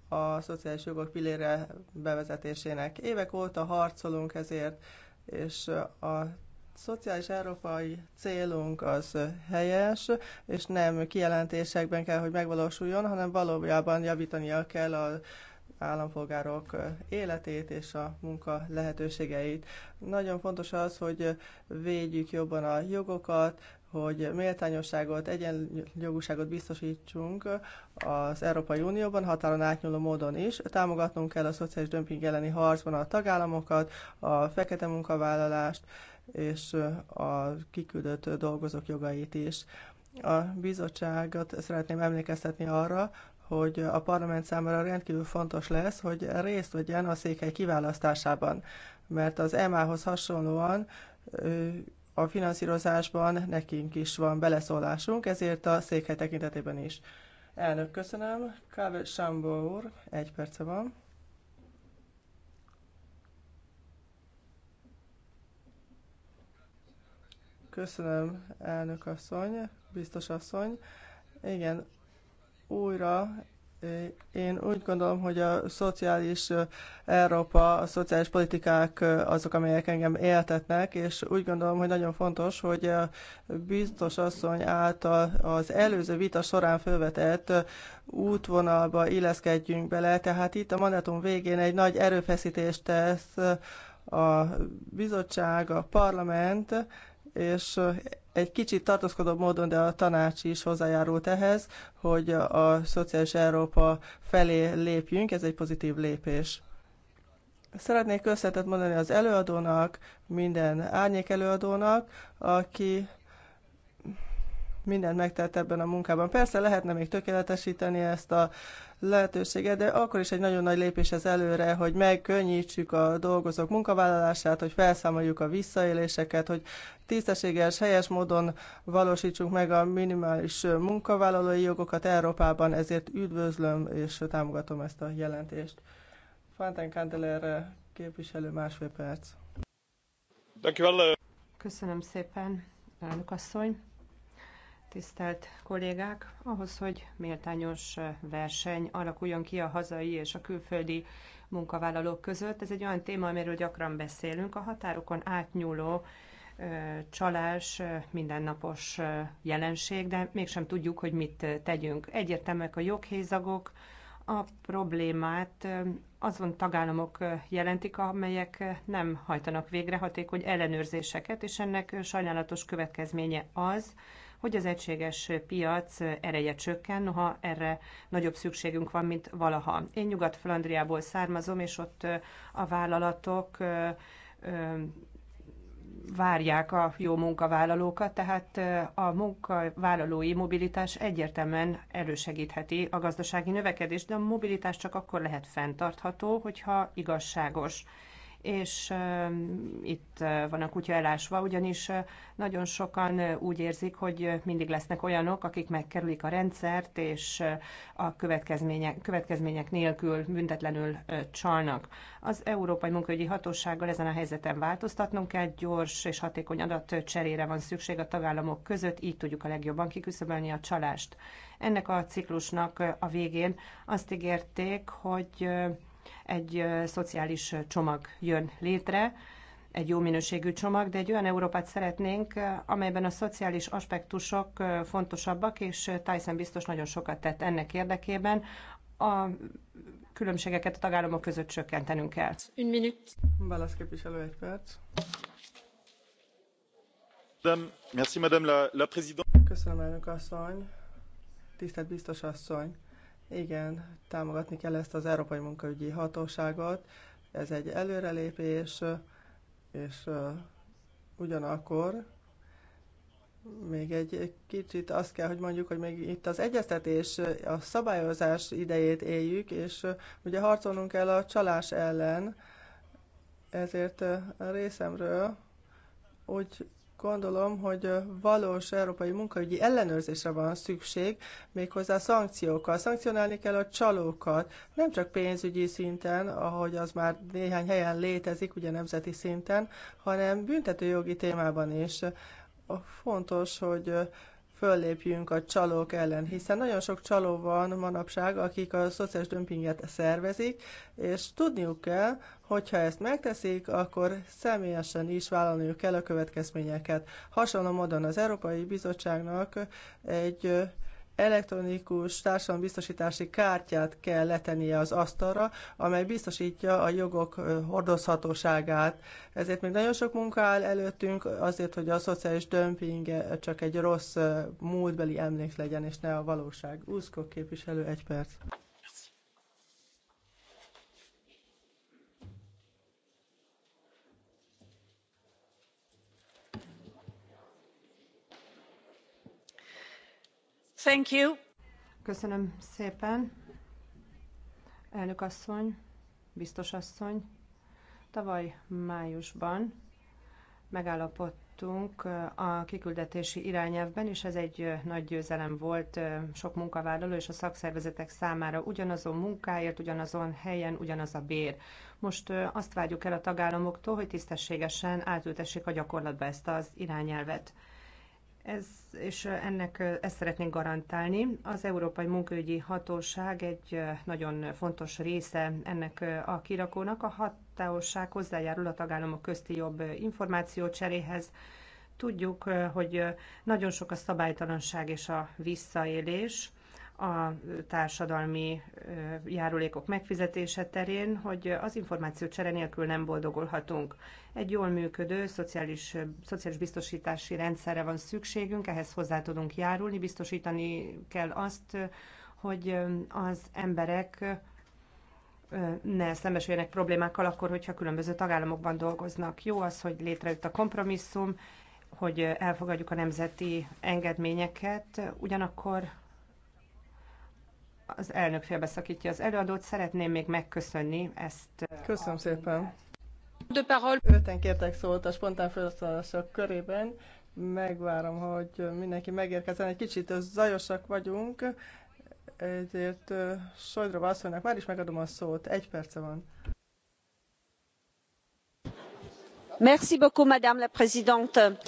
a szociális jogok pillére bevezetésének. Évek óta harcolunk ezért, és a szociális európai célunk az helyes, és nem kijelentésekben kell, hogy megvalósuljon, hanem valójában javítania kell a állampolgárok életét és a munka lehetőségeit. Nagyon fontos az, hogy védjük jobban a jogokat, hogy méltányosságot, egyenjogúságot biztosítsunk az Európai Unióban határon átnyúló módon is. Támogatnunk kell a szociális dömping elleni harcban a tagállamokat, a fekete munkavállalást és a kiküldött dolgozók jogait is. A bizottságot szeretném emlékeztetni arra, hogy a parlament számára rendkívül fontos lesz, hogy részt vegyen a székhely kiválasztásában, mert az EMA-hoz hasonlóan a finanszírozásban nekünk is van beleszólásunk, ezért a székhely tekintetében is. Elnök, köszönöm. Kávé Sambó úr, egy perce van. Köszönöm, elnök asszony, biztos asszony. Igen, újra én úgy gondolom, hogy a szociális Európa, a szociális politikák azok, amelyek engem éltetnek, és úgy gondolom, hogy nagyon fontos, hogy a biztos asszony által az előző vita során felvetett útvonalba illeszkedjünk bele, tehát itt a mandátum végén egy nagy erőfeszítést tesz a bizottság, a parlament, és egy kicsit tartózkodó módon, de a tanács is hozzájárult ehhez, hogy a szociális Európa felé lépjünk, ez egy pozitív lépés. Szeretnék köszönetet mondani az előadónak, minden árnyék előadónak, aki mindent megtett ebben a munkában. Persze lehetne még tökéletesíteni ezt a lehetőséget, de akkor is egy nagyon nagy lépés ez előre, hogy megkönnyítsük a dolgozók munkavállalását, hogy felszámoljuk a visszaéléseket, hogy tisztességes, helyes módon valósítsuk meg a minimális munkavállalói jogokat Európában, ezért üdvözlöm és támogatom ezt a jelentést. Fanten Kandeler képviselő másfél perc. Köszönöm szépen, elnök asszony. Tisztelt kollégák, ahhoz, hogy méltányos verseny alakuljon ki a hazai és a külföldi munkavállalók között, ez egy olyan téma, amiről gyakran beszélünk, a határokon átnyúló csalás mindennapos jelenség, de mégsem tudjuk, hogy mit tegyünk. Egyértelműek a joghézagok, a problémát azon tagállamok jelentik, amelyek nem hajtanak végre hatékony ellenőrzéseket, és ennek sajnálatos következménye az, hogy az egységes piac ereje csökken, noha erre nagyobb szükségünk van, mint valaha. Én Nyugat-Flandriából származom, és ott a vállalatok várják a jó munkavállalókat, tehát a munkavállalói mobilitás egyértelműen elősegítheti a gazdasági növekedést, de a mobilitás csak akkor lehet fenntartható, hogyha igazságos és itt van a kutya elásva, ugyanis nagyon sokan úgy érzik, hogy mindig lesznek olyanok, akik megkerülik a rendszert, és a következmények, következmények nélkül büntetlenül csalnak. Az Európai Munkaügyi Hatósággal ezen a helyzeten változtatnunk kell, gyors és hatékony adatcserére van szükség a tagállamok között, így tudjuk a legjobban kiküszöbölni a csalást. Ennek a ciklusnak a végén azt ígérték, hogy egy szociális csomag jön létre, egy jó minőségű csomag, de egy olyan Európát szeretnénk, amelyben a szociális aspektusok fontosabbak, és Tyson biztos nagyon sokat tett ennek érdekében. A különbségeket a tagállamok között csökkentenünk kell. Egy minut. Válasz képviselő, egy perc. Köszönöm, elnök asszony. Tisztelt biztos asszony igen, támogatni kell ezt az Európai Munkaügyi Hatóságot. Ez egy előrelépés, és ugyanakkor még egy kicsit azt kell, hogy mondjuk, hogy még itt az egyeztetés, a szabályozás idejét éljük, és ugye harcolnunk kell a csalás ellen, ezért részemről úgy gondolom, hogy valós európai munkaügyi ellenőrzésre van szükség, méghozzá szankciókkal. Szankcionálni kell a csalókat, nem csak pénzügyi szinten, ahogy az már néhány helyen létezik, ugye nemzeti szinten, hanem büntetőjogi témában is. Fontos, hogy föllépjünk a csalók ellen, hiszen nagyon sok csaló van manapság, akik a szociális dömpinget szervezik, és tudniuk kell, hogyha ezt megteszik, akkor személyesen is vállalniuk kell a következményeket. Hasonló módon az Európai Bizottságnak egy elektronikus társadalombiztosítási kártyát kell letennie az asztalra, amely biztosítja a jogok hordozhatóságát. Ezért még nagyon sok munka áll előttünk, azért, hogy a szociális dömping csak egy rossz múltbeli emlék legyen, és ne a valóság. Úszkok képviselő, egy perc. Thank you. Köszönöm szépen. Elnök asszony, biztos asszony, tavaly májusban megállapodtunk a kiküldetési irányelvben, és ez egy nagy győzelem volt sok munkavállaló és a szakszervezetek számára. Ugyanazon munkáért, ugyanazon helyen, ugyanaz a bér. Most azt várjuk el a tagállamoktól, hogy tisztességesen átültessék a gyakorlatba ezt az irányelvet. Ez, és ennek ezt szeretnénk garantálni. Az Európai Munkaügyi Hatóság egy nagyon fontos része ennek a kirakónak. A hatóság hozzájárul a tagállamok közti jobb információcseréhez. Tudjuk, hogy nagyon sok a szabálytalanság és a visszaélés a társadalmi járulékok megfizetése terén, hogy az információ csere nélkül nem boldogulhatunk. Egy jól működő szociális, szociális biztosítási rendszerre van szükségünk, ehhez hozzá tudunk járulni, biztosítani kell azt, hogy az emberek ne szembesüljenek problémákkal akkor, hogyha különböző tagállamokban dolgoznak. Jó az, hogy létrejött a kompromisszum, hogy elfogadjuk a nemzeti engedményeket, ugyanakkor az elnök félbeszakítja az előadót. Szeretném még megköszönni ezt. Uh, Köszönöm a... szépen. De Öten kértek szólt a spontán felszólalások körében. Megvárom, hogy mindenki megérkezzen. Egy kicsit zajosak vagyunk, ezért uh, sajdra asszonynak már is megadom a szót. Egy perce van. Merci beaucoup, Madame la Présidente.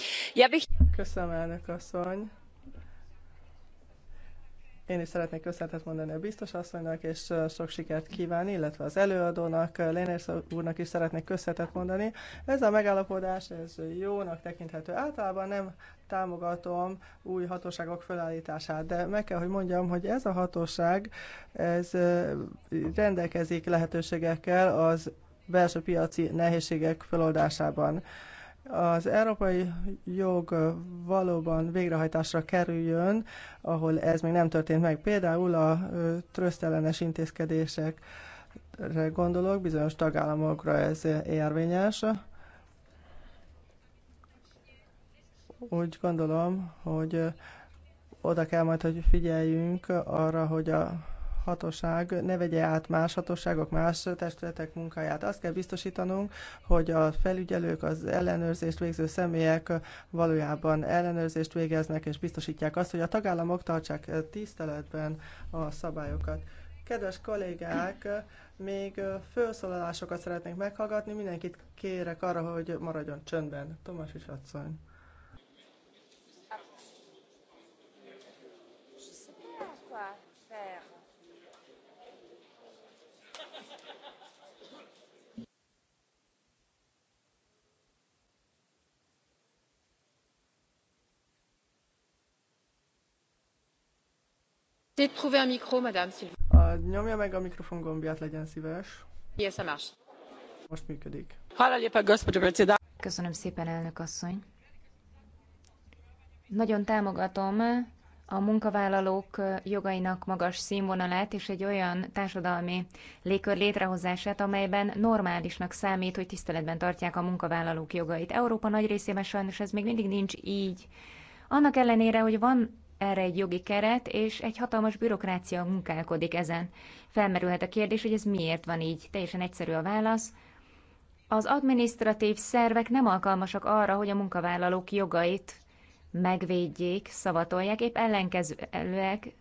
Köszönöm, elnök asszony én is szeretnék köszönetet mondani a biztos asszonynak, és sok sikert kívánni, illetve az előadónak, Lénész úrnak is szeretnék köszönetet mondani. Ez a megállapodás, ez jónak tekinthető. Általában nem támogatom új hatóságok felállítását, de meg kell, hogy mondjam, hogy ez a hatóság ez rendelkezik lehetőségekkel az belső piaci nehézségek feloldásában az európai jog valóban végrehajtásra kerüljön, ahol ez még nem történt meg. Például a trösztellenes intézkedésekre gondolok, bizonyos tagállamokra ez érvényes. Úgy gondolom, hogy oda kell majd, hogy figyeljünk arra, hogy a hatóság ne vegye át más hatóságok, más testületek munkáját. Azt kell biztosítanunk, hogy a felügyelők, az ellenőrzést végző személyek valójában ellenőrzést végeznek, és biztosítják azt, hogy a tagállamok tartsák tiszteletben a szabályokat. Kedves kollégák, még felszólalásokat szeretnék meghallgatni, mindenkit kérek arra, hogy maradjon csöndben. Tomas is asszony. Nyomja meg a mikrofon gombját, legyen szíves. Most működik. Köszönöm szépen, elnök asszony. Nagyon támogatom a munkavállalók jogainak magas színvonalát és egy olyan társadalmi légkör létrehozását, amelyben normálisnak számít, hogy tiszteletben tartják a munkavállalók jogait. Európa nagy részében sajnos ez még mindig nincs így. Annak ellenére, hogy van erre egy jogi keret, és egy hatalmas bürokrácia munkálkodik ezen. Felmerülhet a kérdés, hogy ez miért van így. Teljesen egyszerű a válasz. Az adminisztratív szervek nem alkalmasak arra, hogy a munkavállalók jogait megvédjék, szavatolják, épp ellenkezőek.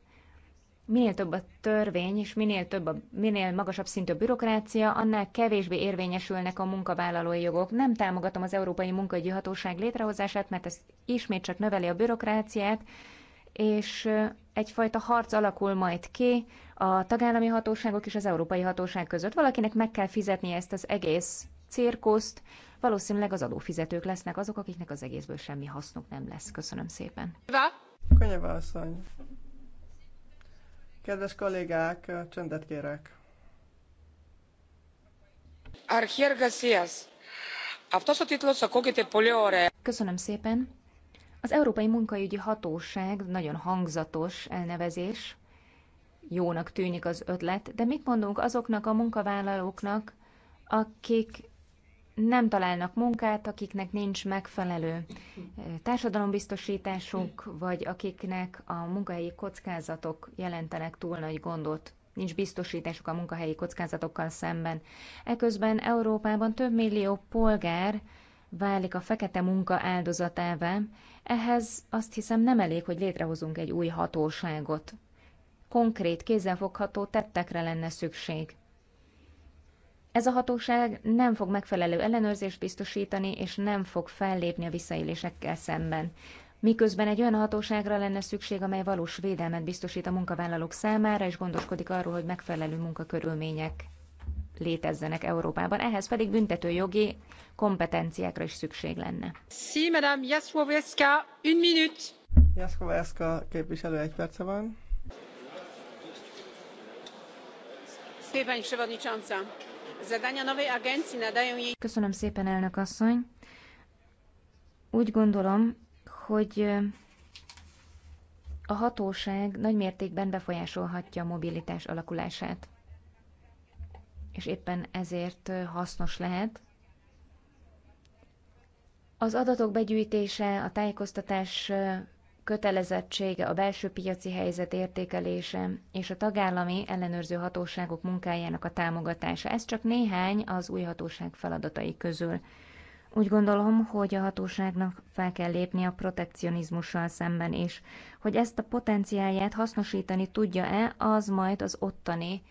minél több a törvény és minél, több a, minél magasabb szintű a bürokrácia, annál kevésbé érvényesülnek a munkavállalói jogok. Nem támogatom az Európai Munkaügyi Hatóság létrehozását, mert ez ismét csak növeli a bürokráciát, és egyfajta harc alakul majd ki a tagállami hatóságok és az európai hatóság között. Valakinek meg kell fizetni ezt az egész cirkuszt, valószínűleg az adófizetők lesznek azok, akiknek az egészből semmi hasznuk nem lesz. Köszönöm szépen. Konyeva asszony. Kedves kollégák, csöndet kérek. Köszönöm szépen. Az Európai Munkaügyi Hatóság nagyon hangzatos elnevezés, jónak tűnik az ötlet, de mit mondunk azoknak a munkavállalóknak, akik nem találnak munkát, akiknek nincs megfelelő eh, társadalombiztosításuk, vagy akiknek a munkahelyi kockázatok jelentenek túl nagy gondot, nincs biztosításuk a munkahelyi kockázatokkal szemben. Eközben Európában több millió polgár válik a fekete munka áldozatává, ehhez azt hiszem nem elég, hogy létrehozunk egy új hatóságot. Konkrét, kézzelfogható tettekre lenne szükség. Ez a hatóság nem fog megfelelő ellenőrzést biztosítani, és nem fog fellépni a visszaélésekkel szemben. Miközben egy olyan hatóságra lenne szükség, amely valós védelmet biztosít a munkavállalók számára, és gondoskodik arról, hogy megfelelő munkakörülmények létezzenek Európában. Ehhez pedig büntető jogi kompetenciákra is szükség lenne. Sí, Madame Jasłowiecka, un minut. Jasłowiecka képviselő egy perce van. Köszönöm szépen, elnök asszony. Úgy gondolom, hogy a hatóság nagymértékben befolyásolhatja a mobilitás alakulását és éppen ezért hasznos lehet. Az adatok begyűjtése, a tájékoztatás kötelezettsége, a belső piaci helyzet értékelése és a tagállami ellenőrző hatóságok munkájának a támogatása. Ez csak néhány az új hatóság feladatai közül. Úgy gondolom, hogy a hatóságnak fel kell lépni a protekcionizmussal szemben is. Hogy ezt a potenciálját hasznosítani tudja-e, az majd az ottani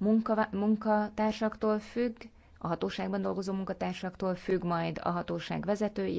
munka, munkatársaktól függ, a hatóságban dolgozó munkatársaktól függ, majd a hatóság vezetői